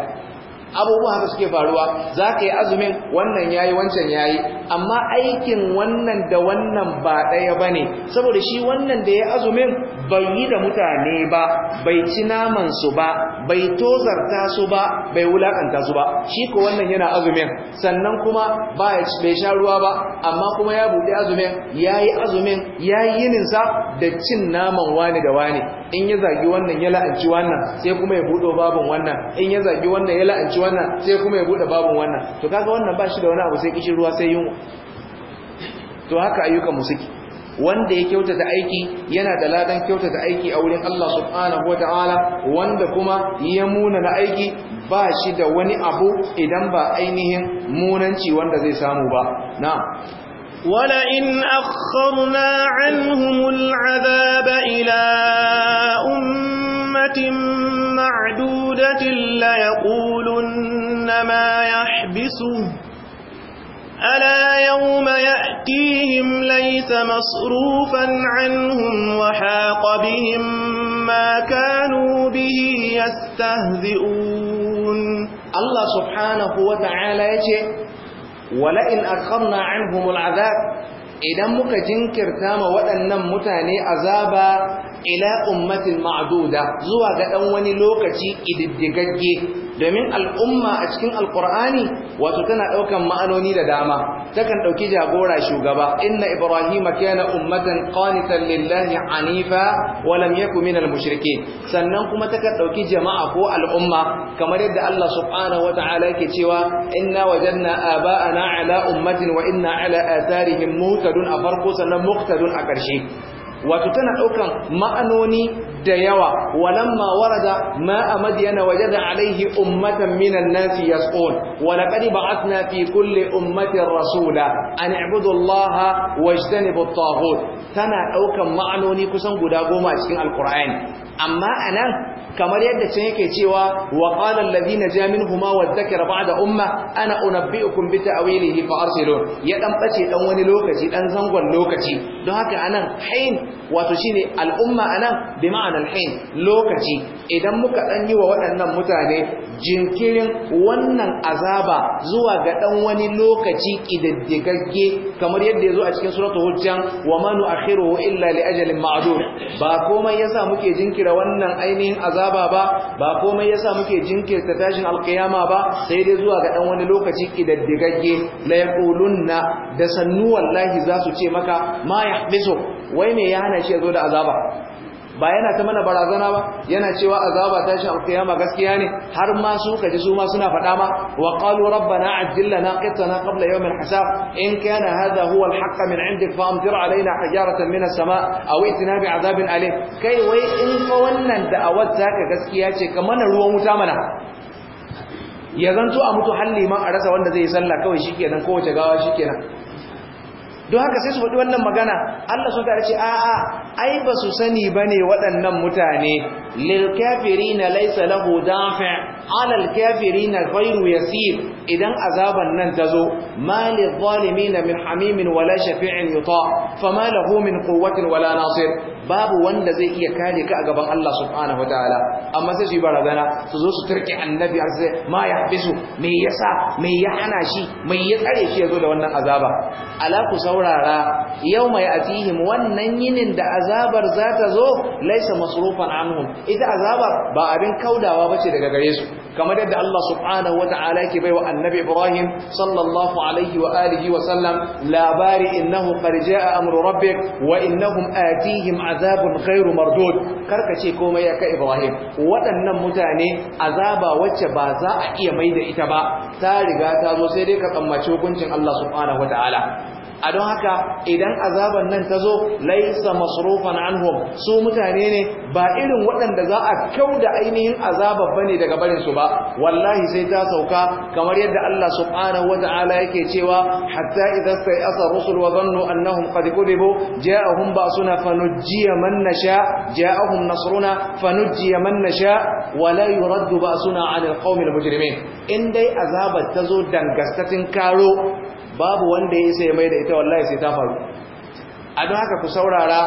abubuwa haka suke faruwa za ka yi azumin wannan ya yi wancan ya yi amma aikin wannan da wannan ba ɗaya ba ne saboda shi wannan da ya azumin bai yi da mutane ba bai ci namansu ba bai tozarta su ba bai wulakanta su ba shi ko wannan yana azumin sannan kuma bai sha ruwa ba amma kuma ya buɗe azumin ya yi azumin ya yi yininsa da cin naman wani da wani in ya zagi wannan ya la'anci wannan sai kuma ya buɗo babin wannan in ya zagi wannan ya la'anci wannan sai kuma ya bude babun wannan to kaga wannan ba shi da wani abu sai kishin ruwa sai yunwa to haka ayyukan mu suke wanda ya kyautata aiki yana da ladan kyautata aiki a wurin Allah subhanahu Ta'ala, wanda kuma ya muna na aiki ba shi da wani abu idan ba ainihin munanci wanda zai samu ba na'am ولئن أخرنا عنهم العذاب إلى أمة معدودة ليقولن ما يحبسه ألا يوم يأتيهم ليس مصروفا عنهم وحاق بهم ما كانوا به يستهزئون الله سبحانه وتعالى يقول wala'in akhamna anhumul azab idan muka jinkirta ma waɗannan mutane azaba ila ummatin ma'duda zuwa ga dan wani lokaci ididdigagge domin al'umma a cikin alkur'ani wato tana daukan ma'anoni da dama takan dauki jagora shugaba inna ibrahima kana ummatan qanitan lillahi anifa wa lam yakun minal mushrikeen sannan kuma takan dauki jama'a ko al'umma kamar yadda Allah subhanahu wataala yake cewa inna wajanna aba'ana ala ummatin wa inna ala atharihim muhtadun a farko sannan muhtadun a ƙarshe wato tana daukan ma'anoni da yawa walamma warada yana madyana wajada alaihi ummatan minan nasi yasqun wa ba'athna fi kulli ummatin rasula an i'budu allaha wajtanibu taghut tana daukan ma'anoni kusan guda goma a cikin alqur'ani amma anan kamar yadda can yake cewa wa qala allazina ja wa dhakara ba'da umma ana unabbiukum bi ta'wilihi ne, arsilun ya dan ɗan wani lokaci ɗan zangon lokaci don haka anan hain wato shine al'umma anan bi ma'anar alhain lokaci idan muka ɗan yi wa waɗannan mutane jinkirin wannan azaba zuwa ga ɗan wani lokaci ƙididdigagge kamar yadda yazo a cikin suratul hujjan wa ma nu'akhiruhu illa li ajalin ma'dud ba komai yasa muke jinkirin jinkira wannan ainihin azaba ba ba komai yasa muke jinkirta tashin alkiyama ba sai dai zuwa ga dan wani lokaci kidaddigagge la yaqulunna da sannu wallahi za su ce maka ma yahbisu wai me ya hana shi ya zo da azaba ba yana ta mana barazana ba yana cewa azaba ta shi alkiyama gaskiya ne har ma su kaji su ma suna faɗa ma wa qalu rabbana ajil lana qitana qabla yawm alhisab in kana hadha huwa alhaq min indik fa amtir alaina hijaratan min as-sama aw itina azabin alim kai wai in fa wannan da'awar ta ka gaskiya ce ka mana ruwan wuta mana ya zanto a mutu halli ma a rasa wanda zai yi sallah kawai shikenan kowace gawa shikenan don haka sai su faɗi wannan magana Allah su kare ce a'a ai ba su sani bane waɗannan mutane lil kafirina laysa lahu dafi' ala al kafirina ghayru yasir idan azaban nan tazo ma lil zalimin min hamimin wala shafi'in yuta fama lahu min quwwatin wala nasir babu wanda zai iya kare ka a gaban Allah subhanahu wataala amma sai su yi barazana su zo su turke annabi har sai ma ya bisu me yasa me ya hana shi me ya tsare shi yazo da wannan azaba ala ku saurara yau mai atihim wannan yinin da azabar za ta zo laisa masrufan anhum ita azabar ba abin kaudawa bace daga gare su kamar yadda Allah subhanahu ke yake baiwa annabi Ibrahim sallallahu alaihi wa alihi wa sallam labari innahu qad a amru rabbik wa innahum atihim azabun khairu mardud karka ce komai ya kai Ibrahim waɗannan mutane azaba wacce ba za a iya maida ita ba ta riga ta zo sai dai ka tsammaci hukuncin Allah subhanahu ta'ala. a don haka idan azaban nan ta zo laisa masrufan anhum su mutane ne ba irin waɗanda za a kauda ainihin azaba bane daga barin su ba wallahi sai ta sauka kamar yadda Allah subhanahu wata'ala yake cewa hatta sai sa'asa rusul wa dhannu annahum qad kudibu ja'ahum ba'suna fanujjiya man nasha ja'ahum nasruna fanujjiya man nasha wa la yuraddu ba'suna 'ala alqawmi almujrimin in dai azabar ta zo dangastatin karo babu wanda ya ya mai da ita wallahi sai ta faru a don haka ku saurara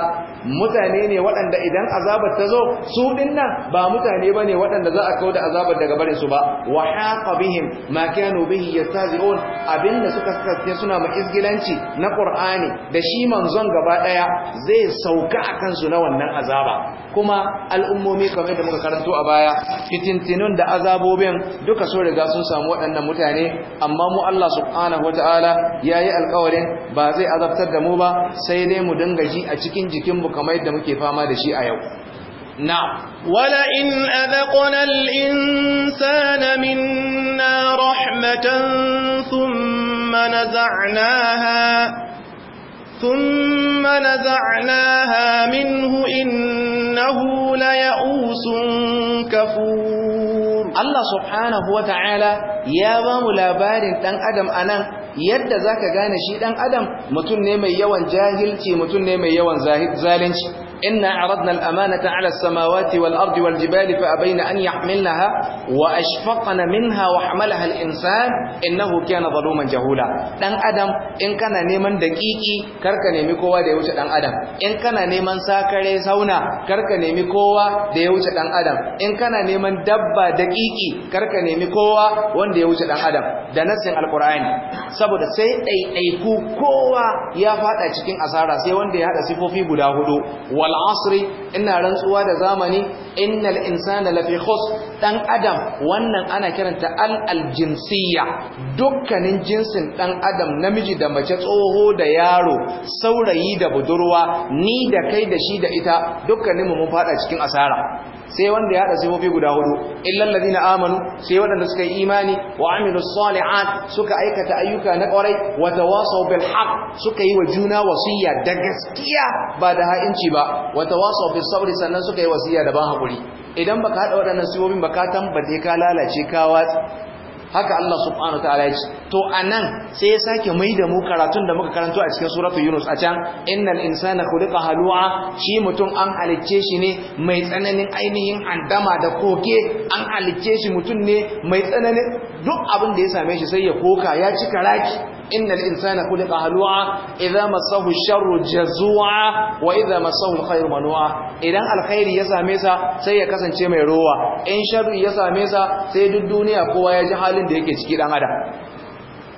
mutane ne waɗanda idan azabar ta zo su dinnan ba mutane bane waɗanda za a kawo da azabar daga barin su ba wa haqa bihim ma kanu bihi yastazi'un abinda suka kasance suna ma izgilanci na qur'ani da shi manzon gaba ɗaya, zai sauka a kansu na wannan azaba kuma al'ummomi kamar da muka karanto a baya fitintinun da azabobin duka so riga sun samu waɗannan mutane amma mu Allah subhanahu wataala yayi alƙawarin ba zai azabtar da mu ba sai dai mu dinga ji a cikin jikin mu kamar yadda muke fama da shi a yau نعم ولئن أذقنا الإنسان منا رحمة ثم نزعناها ثم نزعناها منه إنه ليئوس كفور الله سبحانه وتعالى ya bamu labarin ɗan adam nan, yadda zaka gane shi ɗan adam mutum ne mai yawan jahilci mutum ne mai yawan zalunci إنا عرضنا الأمانة على السماوات والأرض والجبال فأبين أن يحملنها وأشفقن منها وحملها الإنسان إنه كان ظلوما جهولا دان أدم إن كان نيمان دقيقي كركا نيمي كوا دا يوش دان أدم إن كان نيمان ساكري سونا كركا نيمي كوا دا يوش دان أدم إن كان نيمان دبا دقيقي كركا نيمي كوا وان دا يوش دان أدم da nassin alkur'ani saboda sai ɗaiɗaiku kowa ya faɗa cikin asara sai wanda ya haɗa sifofi guda hudu wa wal asri ina rantsuwa da zamani innal insana lafi khus dan adam wannan ana kiranta al aljinsiyya dukkanin jinsin dan adam namiji da mace tsoho da yaro saurayi da budurwa ni da kai da shi da ita dukkaninmu mun fada cikin asara sai wanda ya hada sifofi guda hudu illal ladina amanu sai wadanda suka yi imani wa amilus salihat suka aikata ayyuka na kwarai wa tawasaw bil haqq suka yi wa juna wasiya da gaskiya ba da ha'inci ba wa tawasaw bis sabri sannan suka yi wasiya da ban hakuri idan baka hada wadannan sifofin baka tambade ka lalace ka watsi haka Allah subhanahu ta'ala ya ce to anan sai ya sake mai da mu karatun da muka karanto a cikin suratul yunus a can innal insana khuliqa halu'a shi mutum an halicce shi ne mai tsananin ainihin andama da koke an halicce shi mutum ne mai tsananin duk abin da ya same shi sai ya koka ya ci raki innal insana khuliqa halu'a idza masahu sharru jazua wa idza masahu alkhairu manua idan alkhairi ya same sa sai ya kasance mai rowa in sharri ya same sa sai duk duniya kowa ya ji halin da yake ciki dan adam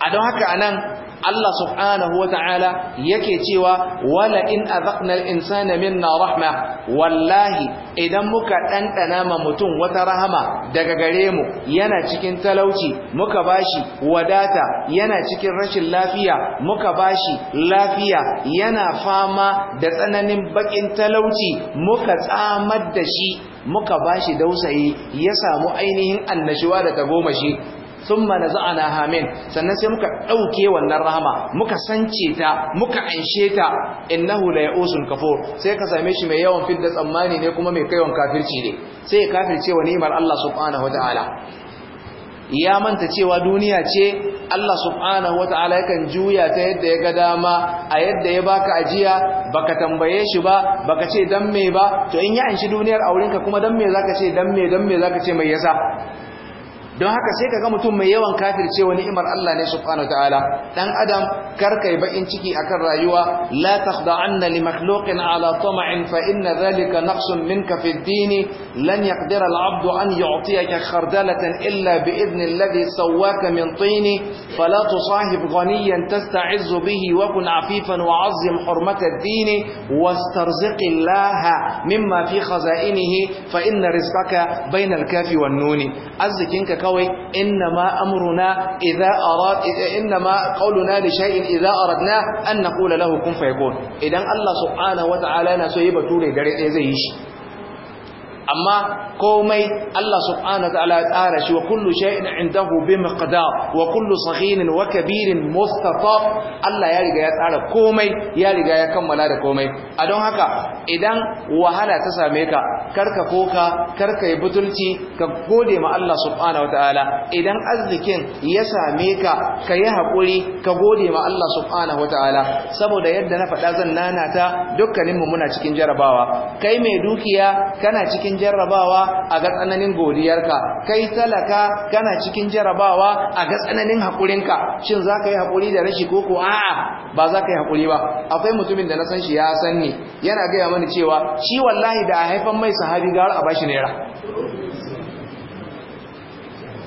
a don haka anan Allah subhanahu wata'ala yake cewa wala in azaqna al min minna rahma wallahi idan muka dandana ma mutum wata rahama daga gare mu yana cikin talauci muka bashi wadata yana cikin rashin lafiya muka bashi lafiya yana fama da tsananin bakin talauci muka tsamar da shi muka bashi dausayi ya samu ainihin annashuwa da tagomashi thumma na hamin sannan sai muka ɗauke wannan rahama muka sance ta muka anshe ta innahu la ya'usul kafur sai ka same shi mai yawan fidda tsammani ne kuma mai kaiwan kafirci ne sai ya kafirce wa ni'imar Allah subhanahu wataala ya manta cewa duniya ce Allah subhanahu wata'ala yakan juya ta yadda ya ga dama a yadda ya baka ajiya baka tambaye shi ba baka ce dan me ba to in ya anshi duniyar aurenka kuma dan me zaka ce dan me dan me zaka ce mai yasa don haka sai kaga mutum mai yawan kafirce wani imar Allah ne subhanahu wataala dan adam karkai bakin ciki akan rayuwa la takhda'anna li makhluqin ala tama'in fa inna dhalika naqsun minka fi ad-din lan yaqdira al-'abd an yu'tiyaka khardalatan illa bi idhni alladhi sawwaka min tin fa la tusahib ghaniyan tasta'izzu bihi wa kun 'afifan wa 'azzim hurmat ad-din wastarziq Allah mimma fi khaza'inihi fa inna rizqaka bayna al-kafi wan-nun azzikinka kawai inna ma amruna idza arad inna ma li shay'in idza aradna an naqula lahu kun fayakun idan Allah subhanahu wata'ala yana so yi bature dare ɗaya zai yi shi amma komai Allah subhanahu ta'ala ya tsara shi wa kullu shay'in indahu bi miqdar wa kullu saghirin wa kabirin mustatab Allah ya riga ya tsara komai ya riga ya kammala da komai a don haka idan wahala ta same ka karka koka karka yi butulci ka gode ma Allah subhanahu ta'ala idan arzikin ya same ka ka yi hakuri, ka gode ma Allah subhanahu ta'ala saboda yadda na faɗa zan nanata dukkaninmu muna cikin jarabawa kai mai dukiya kana cikin jarrabawa a ga tsananin godiyarka kai talaka kana cikin jarrabawa a ga tsananin haƙurinka shin za ka yi hakuri da rashi ko ko a'a ba za ka yi hakuri ba akwai mutumin da na san shi ya san ni yana gaya mani cewa shi wallahi da a haifan mai sahabi gawar a bashi naira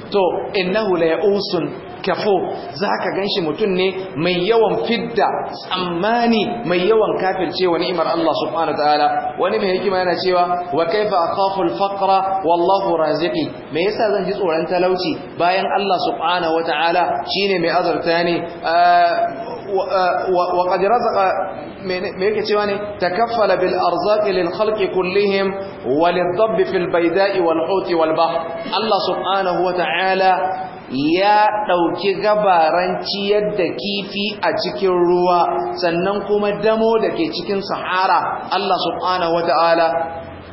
to innahu la ya'usun kafo za ka gan shi mutum ne mai yawan fidda tsammani mai yawan kafirce wa ni'imar Allah subhanahu ta'ala wani mai hikima yana cewa wa kaifa akhafu faqra wallahu raziqi me yasa zan ji tsoron talauci bayan Allah subhanahu wata'ala shine mai azurta ne ah, ah, wa qad razaqa ah, me yake cewa ne takaffala bil arzaqi lil khalqi kullihim wa lid-dabb fil bayda'i wal huti wal bahr Allah subhanahu wata'ala ya ɗauki gabaran ciyar da kifi a cikin ruwa sannan kuma damo da ke cikin sahara Allah subhanahu wata'ala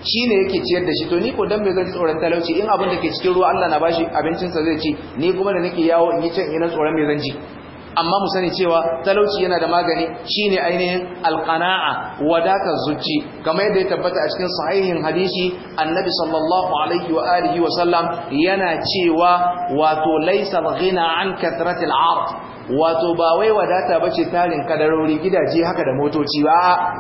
shi ne yake ciyar da shi to ni ko dan me zan tsoron talauci in abin da ke cikin ruwa Allah na bashi abincinsa zai ci ni kuma da nake yawo in yi can ina tsoron mai zan ji amma mu sani cewa talauci yana da magani shine ainihin alqana'a wadaka zuci kamar yadda ya tabbata a cikin sahihin hadisi annabi sallallahu alaihi wa alihi wa sallam yana cewa wato laysa ghina an kathrati al'ard wato ba wai wadata bace tarin kadarori gidaje haka da motoci ba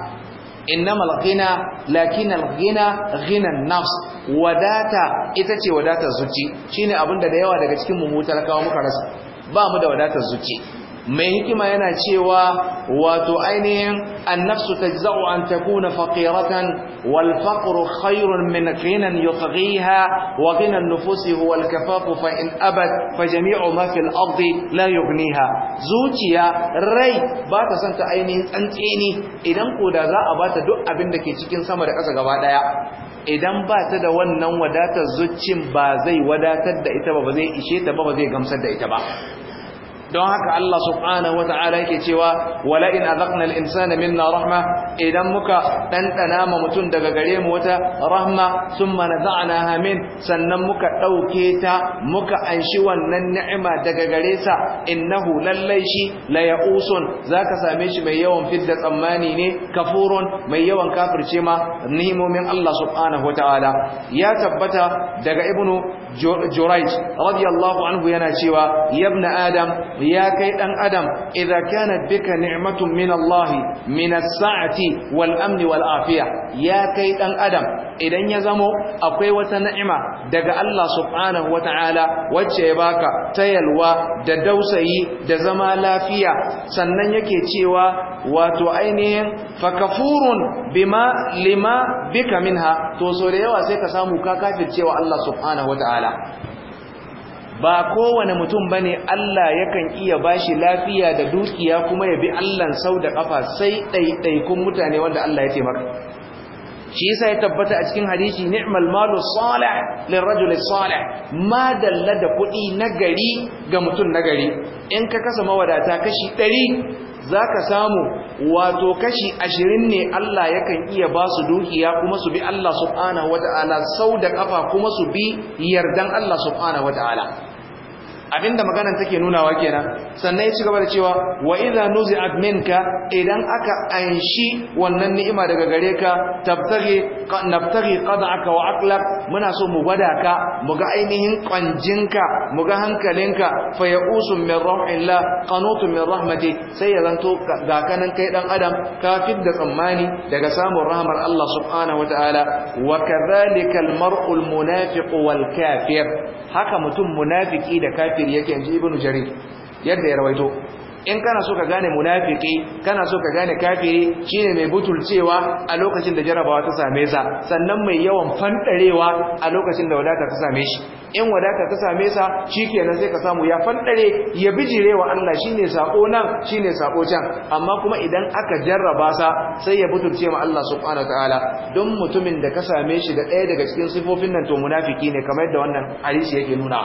innama al-ghina lakin al-ghina ghina lakin al ghina nafs wadata ita ce wadatar zuci shine abinda da yawa daga cikin mu mutalakawa muka rasa ba mu da wadatar zuci mai hikima yana cewa wato ainihin annafsu tajza'u an takuna faqiratan wal faqru khairun min ghinan yughriha wa ghinan nufusi huwa al kafafu fa in abat fa jami'u ma fil ardi la yughniha zuciya rai ba ta santa ainihin tsantseni idan ko da za a bata duk abin da ke cikin sama da ƙasa gaba daya idan ba ta da wannan wadatar zuccin ba zai wadatar da ita ba ba zai ishe ta ba ba zai gamsar da ita ba don haka Allah subhanahu ta'ala yake cewa wala in azaqna al-insana minna rahma idan muka dandana ma mutun daga gare mu wata rahma thumma naza'naha min sannan muka dauke ta muka anshi wannan ni'ima daga gare sa innahu lallai shi la ya'usun zaka same shi mai yawan fidda tsammani ne kafurun mai yawan kafirce ma ni'imomin Allah subhanahu ta'ala. ya tabbata daga ibnu jurayj radiyallahu anhu yana cewa yabna adam ya kai dan adam idza kanat bika ni'matun min Allah min as-sa'ati wal amn wal afiya ya kai dan adam idan ya zamo akwai wata ni'ima daga Allah subhanahu wata'ala wacce ya baka ta yalwa da dausayi da zama lafiya sannan yake cewa wato ainihin fakafurun bima lima bika minha to so da yawa sai ka samu ka kafircewa Allah subhanahu wata'ala ta'ala ba kowane mutum ba ne Allah yakan iya bashi lafiya da dukiya kuma ya bi allahn sau da kafa sai ɗaiɗaikun mutane wanda Allah ya taimaka shi yasa ya tabbata a cikin hadisi ni'mal malu salih lirajul salih ma dalla da kuɗi nagari ga mutum nagari in ka kasa mawadata kashi ɗari. za ka samu wato kashi ashirin ne Allah yakan iya ba su dukiya kuma su bi Allah subhanahu ta'ala sau da kafa kuma su bi yardan Allah subhanahu ta'ala abinda maganar take nunawa kenan sannan ya ci gaba da cewa wa idza nuzi'at minka idan aka anshi wannan ni'ima daga gare ka tabtaghi nabtaghi qad'aka wa aqlak muna so mu gwada ka mu ga ainihin kwanjinka mu ga hankalinka fa ya'usu min rahmatillah qanutun min rahmati sai ya zanto ga kanan kai dan adam ka da tsammani daga samun rahmar Allah subhanahu wataala wa kadhalika al-mar'u al-munafiq wal kafir haka mutum munafiki da kafir kafiri yake inji ibnu jarir yadda ya rawaito in kana so ka gane munafiki kana so ka gane kafiri shine mai butulcewa a lokacin da jarabawa ta same sa sannan mai yawan fandarewa a lokacin da wadata ta same shi in wadata ta same sa shikenan sai ka samu ya fandare ya bijirewa Allah shine sako nan shine sako can amma kuma idan aka jarraba sa sai ya butulce ma Allah subhanahu wataala don mutumin da ka same shi da ɗaya daga cikin sifofin nan to munafiki ne kamar yadda wannan hadisi yake nuna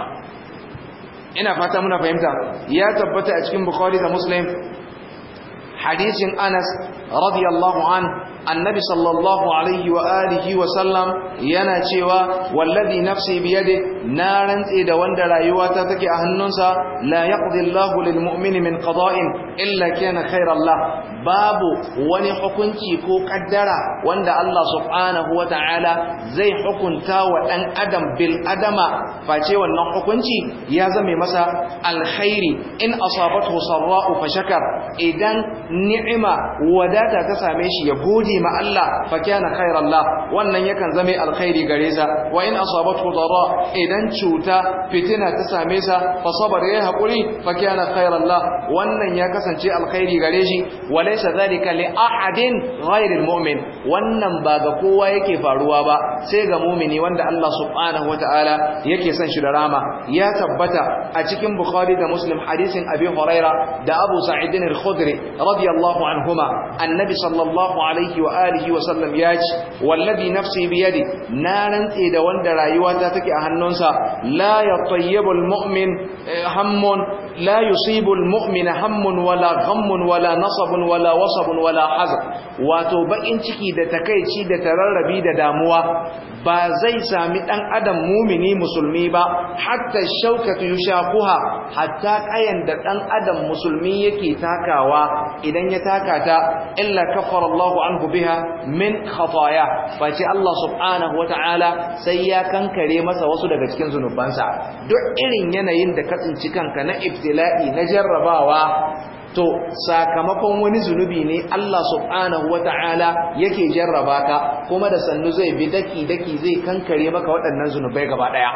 ina fata muna fahimta ya tabbata a cikin bukhari da muslim hadisin anas radiyallahu an annabi sallallahu alaihi wa alihi wa sallam yana cewa wallazi nafsi biyadi na rantse da wanda rayuwa ta take a hannunsa la yaqdi Allahu lil mu'mini min qada'in illa kana khairan babu wani hukunci ko kaddara wanda Allah subhanahu ta'ala zai hukunta wa ɗan adam bil adama face wannan hukunci ya zame masa alkhairi in asabathu sarra'u fa shakar idan ni'ima wadata ta same shi ya gode ma Allah fa kana khairan la wannan yakan zame alkhairi gare sa wa in asabathu dara idan cuta fitina ta same sa fa sabar ya hakuri fa kana khairan la wannan ya kasance alkhairi gare shi wala walaysa zalika li ahadin ghayril mu'min wannan ba ga kowa yake faruwa ba sai ga mu'mini wanda Allah subhanahu wataala yake son shi da rama ya tabbata a cikin bukhari da muslim hadisin abi huraira da abu sa'id al-khudri radiyallahu anhuma annabi sallallahu alaihi wa alihi wa sallam ya ce wallazi nafsi biyadi na rantse da wanda rayuwa ta take a hannunsa la yatayyibu al-mu'min eh, hammun la yusibul mu'mina hammun wala hammun wala nasabun wala wasabun wala hazan wato bakin ciki da takaici da tararrabi da damuwa ba zai sami ɗan adam mumini musulmi ba hatta shaukatu yushaquha hatta kayan da dan adam musulmi yake takawa idan ya taka ta illa kafara Allahu anhu biha min khataya face Allah subhanahu wataala sai ya kankare masa wasu daga cikin zunubansa duk irin yanayin da ka tsinci kanka na ibtila'i na jarrabawa to sakamakon wani zunubi ne Allah subhanahu wata'ala yake jarraba ka kuma da sannu zai bi daki daki zai kankare maka waɗannan zunubai gaba ɗaya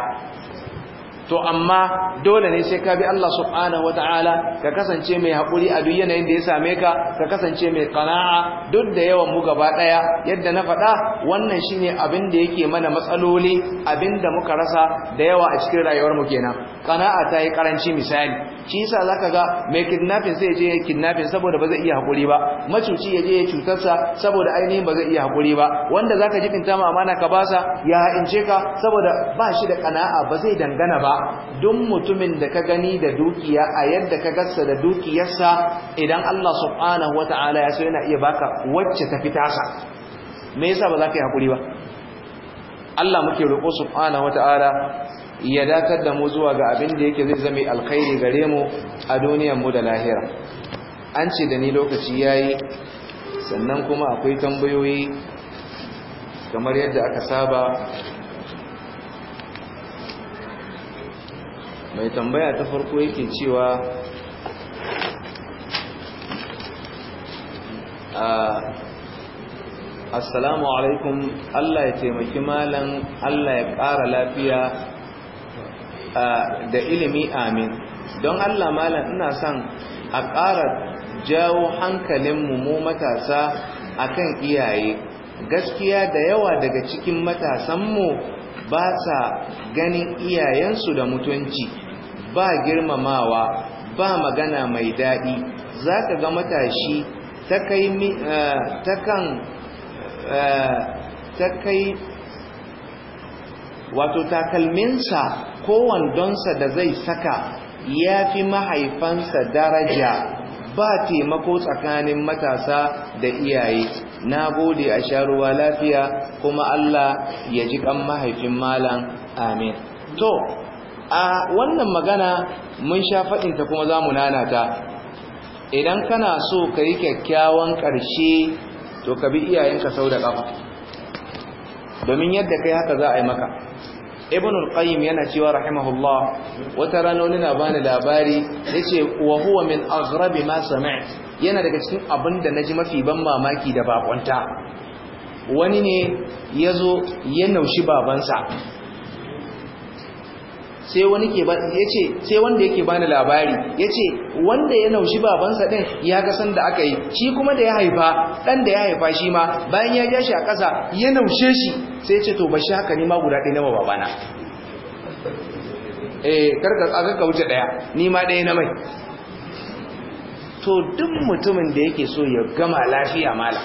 to amma dole ne sai ka bi Allah subhanahu wataala ka kasance mai hakuri a duk yanayin da ya same ka ka kasance mai qana'a duk da yawan mu gaba daya yadda na faɗa wannan shine abin da yake mana matsaloli abin da muka rasa da yawa a cikin rayuwar mu kenan qana'a ta yi karanci misali shi yasa zaka ga mai kidnapin sai ya je ya kidnapin saboda ba zai iya hakuri ba macuci ya je ya cutar sa saboda ainihin ba zai iya hakuri ba wanda zaka jibinta ma amana ka basa ya ince ka saboda ba shi da qana'a ba zai dangana ba duk mutumin da ka gani da dukiya a yadda ka gassa da dukiyarsa idan Allah subhanahu Ta'ala ya so yana iya baka wacce ta fi tasa me yasa ba za ka yi hakuri ba Allah muke roƙo subhanahu Ta'ala ya dakar da mu zuwa ga abin da yake zai zame alkhairi gare mu a duniyar mu da lahira an ce da ni lokaci yayi sannan kuma akwai tambayoyi kamar yadda aka saba mai tambaya ta farko yake cewa assalamu alaikum Allah ya taimaki malan Allah ya ƙara lafiya da ilimi amin don Allah malan ina son a ƙara jawo hankalin mu matasa akan iyaye gaskiya da yawa daga cikin matasanmu ba sa ganin iyayensu da mutunci ba girmamawa ba magana mai daɗi za ka ga matashi ta kai eh, eh, wato takalminsa ko wandonsa da zai saka ya fi mahaifansa daraja ba taimako tsakanin matasa da iyaye na gode a sharuwa lafiya kuma Allah ya ji kan mahaifin malam amin to a wannan magana mun sha faɗinta kuma za mu nanata idan kana so ka yi kyakkyawan ƙarshe to ka bi iyayenka sau da ƙafa domin yadda kai haka za a yi maka ibn al yana cewa rahimahullah wata rana wani na bani labari yace wa huwa min aghrab ma sami'a yana daga cikin abinda naji mafi ban mamaki da bakonta wani ne yazo ya naushi babansa sai wani ke yace sai wanda yake bani labari yace wanda ya naushi babansa din ya ga san da aka yi shi kuma da ya haifa dan da ya haifa shi ma bayan ya ja shi a ƙasa ya naushe shi sai ce to ba shi haka nima guda ɗaya na ba babana eh karka ka wuce ɗaya nima ɗaya na mai to duk mutumin da yake so ya gama lafiya mala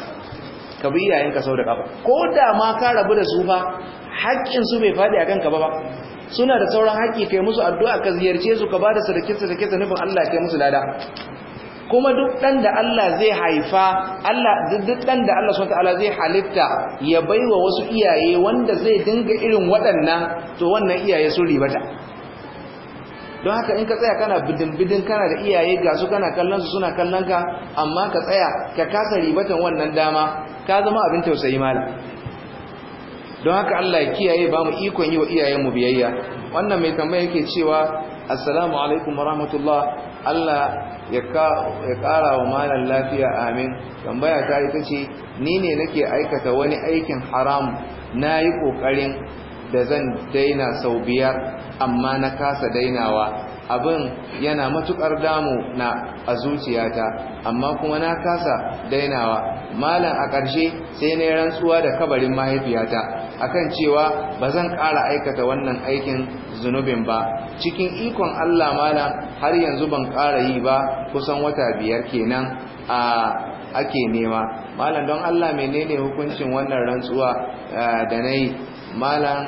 ka bi iyayenka sau da kafa ko da ma ka rabu da su fa haƙƙin su bai faɗi a kanka ba ba suna da sauran haƙƙi kai musu addu'a ka ziyarce su ka ba da sadake sadake nufin Allah kai musu lada kuma duk dan da Allah zai haifa Allah duk dan da Allah subhanahu wataala zai halitta ya baiwa wasu iyaye wanda zai dinga irin waɗannan to wannan iyaye sun ribata don haka in ka tsaya kana bidin-bidin kana da iyaye ga su kana kallon su suna kallon ka amma ka tsaya ka kasa ribatan wannan dama ka zama abin tausayi mala don haka Allah ya kiyaye ba mu ikon yi wa iyayen mu biyayya wannan mai tambaya yake cewa assalamu alaikum wa Allah ya ƙara wa malar lafiya amin tambaya ta ita ce ni ne nake aikata wani aikin haram na yi ƙoƙarin da zan daina sau biyar amma na kasa dainawa abin yana matukar damu na a zuciyata amma kuma na kasa dainawa malam a ƙarshe sai na rantsuwa da kabarin mahaifiyata akan cewa ba zan ƙara aikata wannan aikin zunubin ba cikin ikon Allah malam har yanzu ban ƙara yi ba kusan wata biyar kenan a ake nema malam don Allah menene hukuncin wannan rantsuwa eh, da na yi malam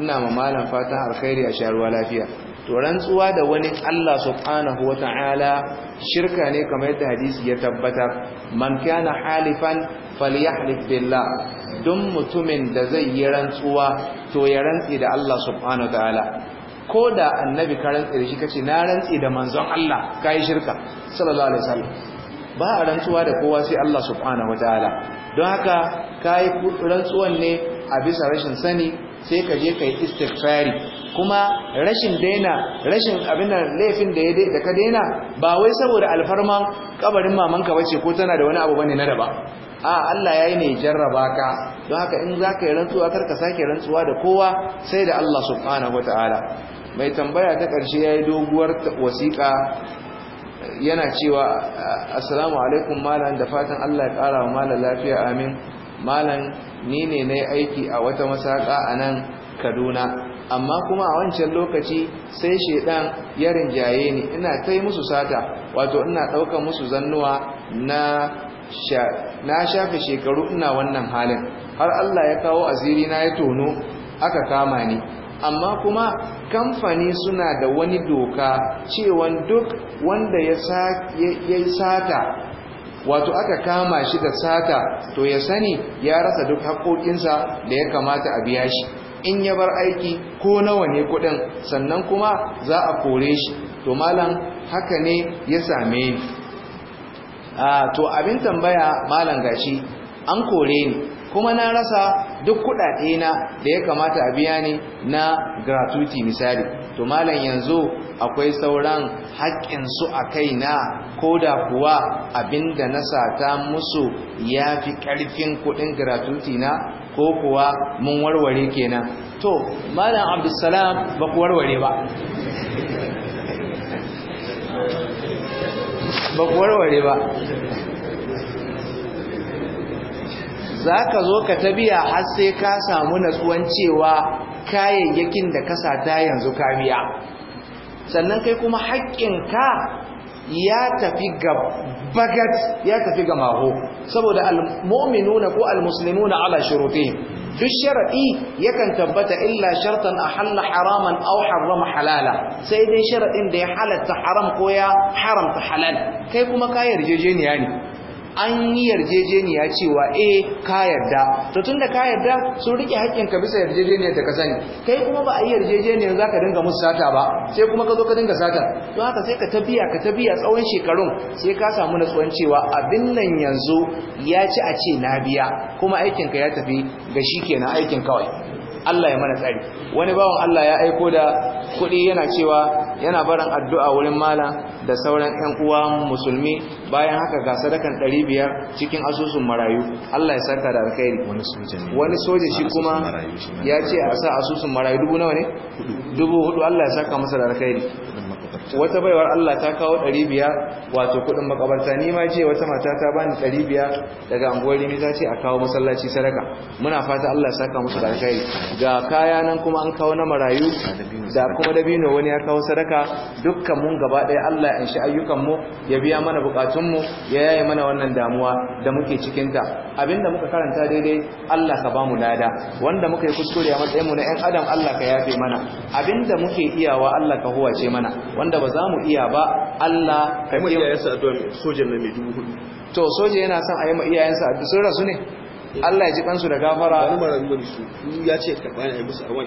ina ma malam fatan alkhairi a sharuwa lafiya to rantsuwa da wani Allah subhanahu wata'ala shirka ne kamar yadda hadisi ya tabbata man kana halifan falyahlif billah dun mutumin da zai yi rantsuwa to ya rantsi da Allah subhanahu wata'ala ko da annabi ka rantsi da shi kace na rantsi da manzon Allah kai shirka sallallahu alaihi wasallam ba a rantsuwa da kowa sai Allah subhanahu wata'ala don haka kai rantsuwan ne a bisa rashin sani sai ka je kai istighfari kuma rashin daina rashin abin da laifin da da ka daina ba wai saboda alfarman kabarin mamanka bace ko tana da wani abu bane na daba a Allah yayi ne jarraba ka don haka in zaka yi rantsuwa karka sake rantsuwa da kowa sai da Allah subhanahu wataala mai tambaya ta karshe yayi doguwar wasiƙa yana cewa assalamu alaikum malam da fatan Allah ya ƙara wa malam lafiya amin malam ni ne nayi aiki a wata masaka a nan kaduna amma kuma a wancan lokaci sai shedan ya rinjaye ni ina ta yi musu sata wato ina ɗaukar musu zannuwa na shafe shekaru ina wannan halin har Allah ya kawo aziri na ya tono aka kama ni amma kuma kamfani suna da wani doka cewan duk wanda ya sata wato aka kama shi da sata to ya sani ya rasa duk haƙoƙinsa da ya kamata a biya shi in ya bar aiki ko nawa ne kudin sannan kuma za a kore shi to malam haka ne ya same ni to abin tambaya malam gashi an kore ni kuma na rasa duk kudade na da ya kamata a biya ni na gratuity misali to malam yanzu akwai sauran haƙƙin su a kai ko da kuwa abinda na sata musu ya fi ƙarfin kuɗin gratuity na ko kuwa mun warware kenan to malam abdussalam ba ku warware ba ba ku warware ba za ka zo ka tabiya har sai ka samu natsuwan cewa kayayyakin da ka sata yanzu ka biya sannan kai kuma haƙƙinka ya tafi ga bagat ya tafi ga maho saboda almu'minuna ko almuslimuna ala shurutihim duk shar'i yakan tabbata illa shartan ahalla haraman aw harrama halala sai dai sharadin da ya halatta haram ko ya haramta halal kai kuma ka yarjejeniya ne an yi yarjejeniya cewa eh ka yarda to tunda ka yarda sun rike haƙƙin ka bisa yarjejeniyar da ka sani kai kuma ba a yi yarjejeniyar za ka dinga musu sata ba sai kuma ka zo ka dinga sata don haka sai ka tabiya ka tabiya tsawon shekarun sai ka samu natsuwan cewa abin nan yanzu ya ci a ce na biya kuma aikinka ya tafi ga shi kenan aikin kawai Allah ya mana tsari wani bawan Allah ya aiko da kuɗi yana cewa yana barin addu'a wurin malam da sauran ƴan uwa musulmi bayan haka ga sadakan 500 cikin asusun marayu Allah ya saka da alkhairi wani soja wani soja shi kuma ya ce a sa asusun marayu dubu nawa ne dubu hudu Allah ya saka masa da alkhairi wata baiwar Allah ta kawo ɗari biya wato kuɗin makabarta ni ma ce wata mata ta bani ɗari biya daga anguwar ni ta ce a kawo masallaci sadaka muna fata Allah ya saka musu da alkhairi ga kaya nan kuma an kawo na marayu da kuma dabino wani ya kawo sadaka dukkan mun gaba ɗaya Allah ya anshi ayyukan mu ya biya mana bukatun ya yaye mana wannan damuwa da muke cikin ta abinda muka karanta daidai Allah ka bamu lada wanda muka yi kuskure a matsayin mu na ƴan adam Allah ka yafe mana abinda muke iyawa Allah ka huwace mana wanda ba za mu iya ba Allah kai mu iyayensa addu'a sojan na mai dubu hudu to soja yana son a yi ma iyayensa addu'a sun rasu ne Allah ya ji kansu da gafara wani marayu su ya ce bayan ne musu arwan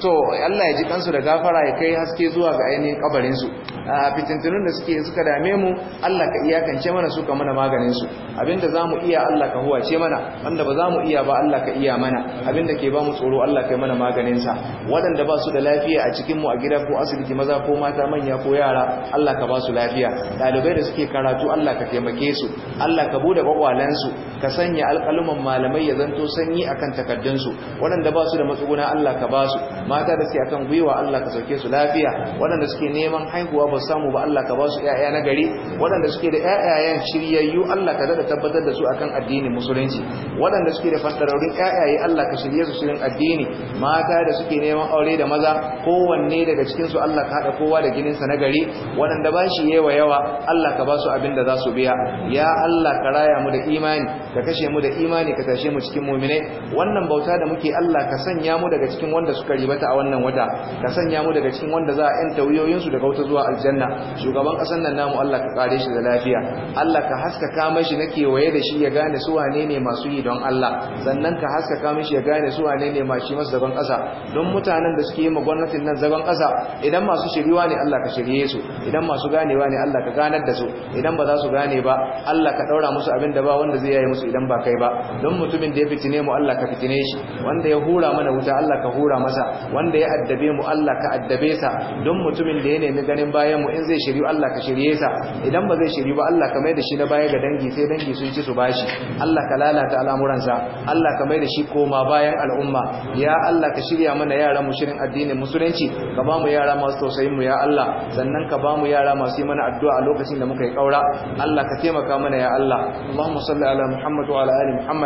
to Allah ya ji kansu da gafara ya kai haske zuwa ga ainihin kabarin su a fitintunun da suke suka dame mu Allah ka iyakance mana su ka mana maganin su abinda zamu iya Allah ka huwace mana wanda ba zamu iya ba Allah ka iya mana abinda ke ba mu tsoro Allah kai mana maganin sa waɗanda ba su da lafiya a cikin mu a gida ko asibiti maza ko mata manya ko yara Allah ka ba su lafiya ɗalibai da suke karatu Allah ka taimake su Allah ka bude su ka sanya alƙaluman malamai ya zanto sanyi akan takaddunsu waɗanda ba su da matsuguna Allah ka ba su mata da suke akan gwiwa Allah ka sauke su lafiya waɗanda suke neman haihuwa ba samu ba Allah ka ba su ƴaƴa na gari waɗanda suke da ƴaƴayen shiryayyu Allah ka da tabbatar da su akan addinin musulunci waɗanda suke da fassararrun ƴaƴaye Allah ka shirye su shirin addini mata da suke neman aure da maza kowanne daga cikin su Allah ka haɗa kowa da jininsa na gari waɗanda ba shi yawa yawa Allah ka ba su abin da za su biya ya Allah ka raya mu da imani ka kashe mu da imani ka shi mu cikin mumine wannan bauta da muke Allah ka sanya mu daga cikin wanda suka ribata a wannan wata ka sanya mu daga cikin wanda za a yanta wuyoyin su daga wata zuwa aljanna shugaban kasan nan namu Allah ka kare shi da lafiya Allah ka haskaka mashi na waye da shi ya gane su wane ne masu yi don Allah sannan ka haskaka mashi ya gane su wane ne masu masa zagon kasa don mutanen da suke yi ma gwamnatin nan zagon kasa idan masu shiriwa ne Allah ka shirye su idan masu ganewa ne Allah ka ganar da su idan ba za su gane ba Allah ka daura musu abin da ba wanda zai yi musu idan ba kai ba don mutumin da ya fitine mu Allah ka fitine shi wanda ya hura mana wuta Allah ka hura masa wanda ya addabe mu Allah ka addabe sa don mutumin da ya nemi ganin bayan mu in zai shiryu Allah ka shirye sa idan ba zai shiryu ba Allah ka mai da shi na baya ga dangi sai dangi sun ci su bashi Allah ka lalata al'amuran sa Allah ka mai da shi koma bayan al'umma ya Allah ka shirya mana yara mu shirin addinin musulunci ka ba mu yara masu tausayin mu ya Allah sannan ka ba mu yara masu yi mana addu'a a lokacin da muka yi kaura Allah ka taimaka mana ya Allah Allahumma salli ala Muhammad wa ala ali Muhammad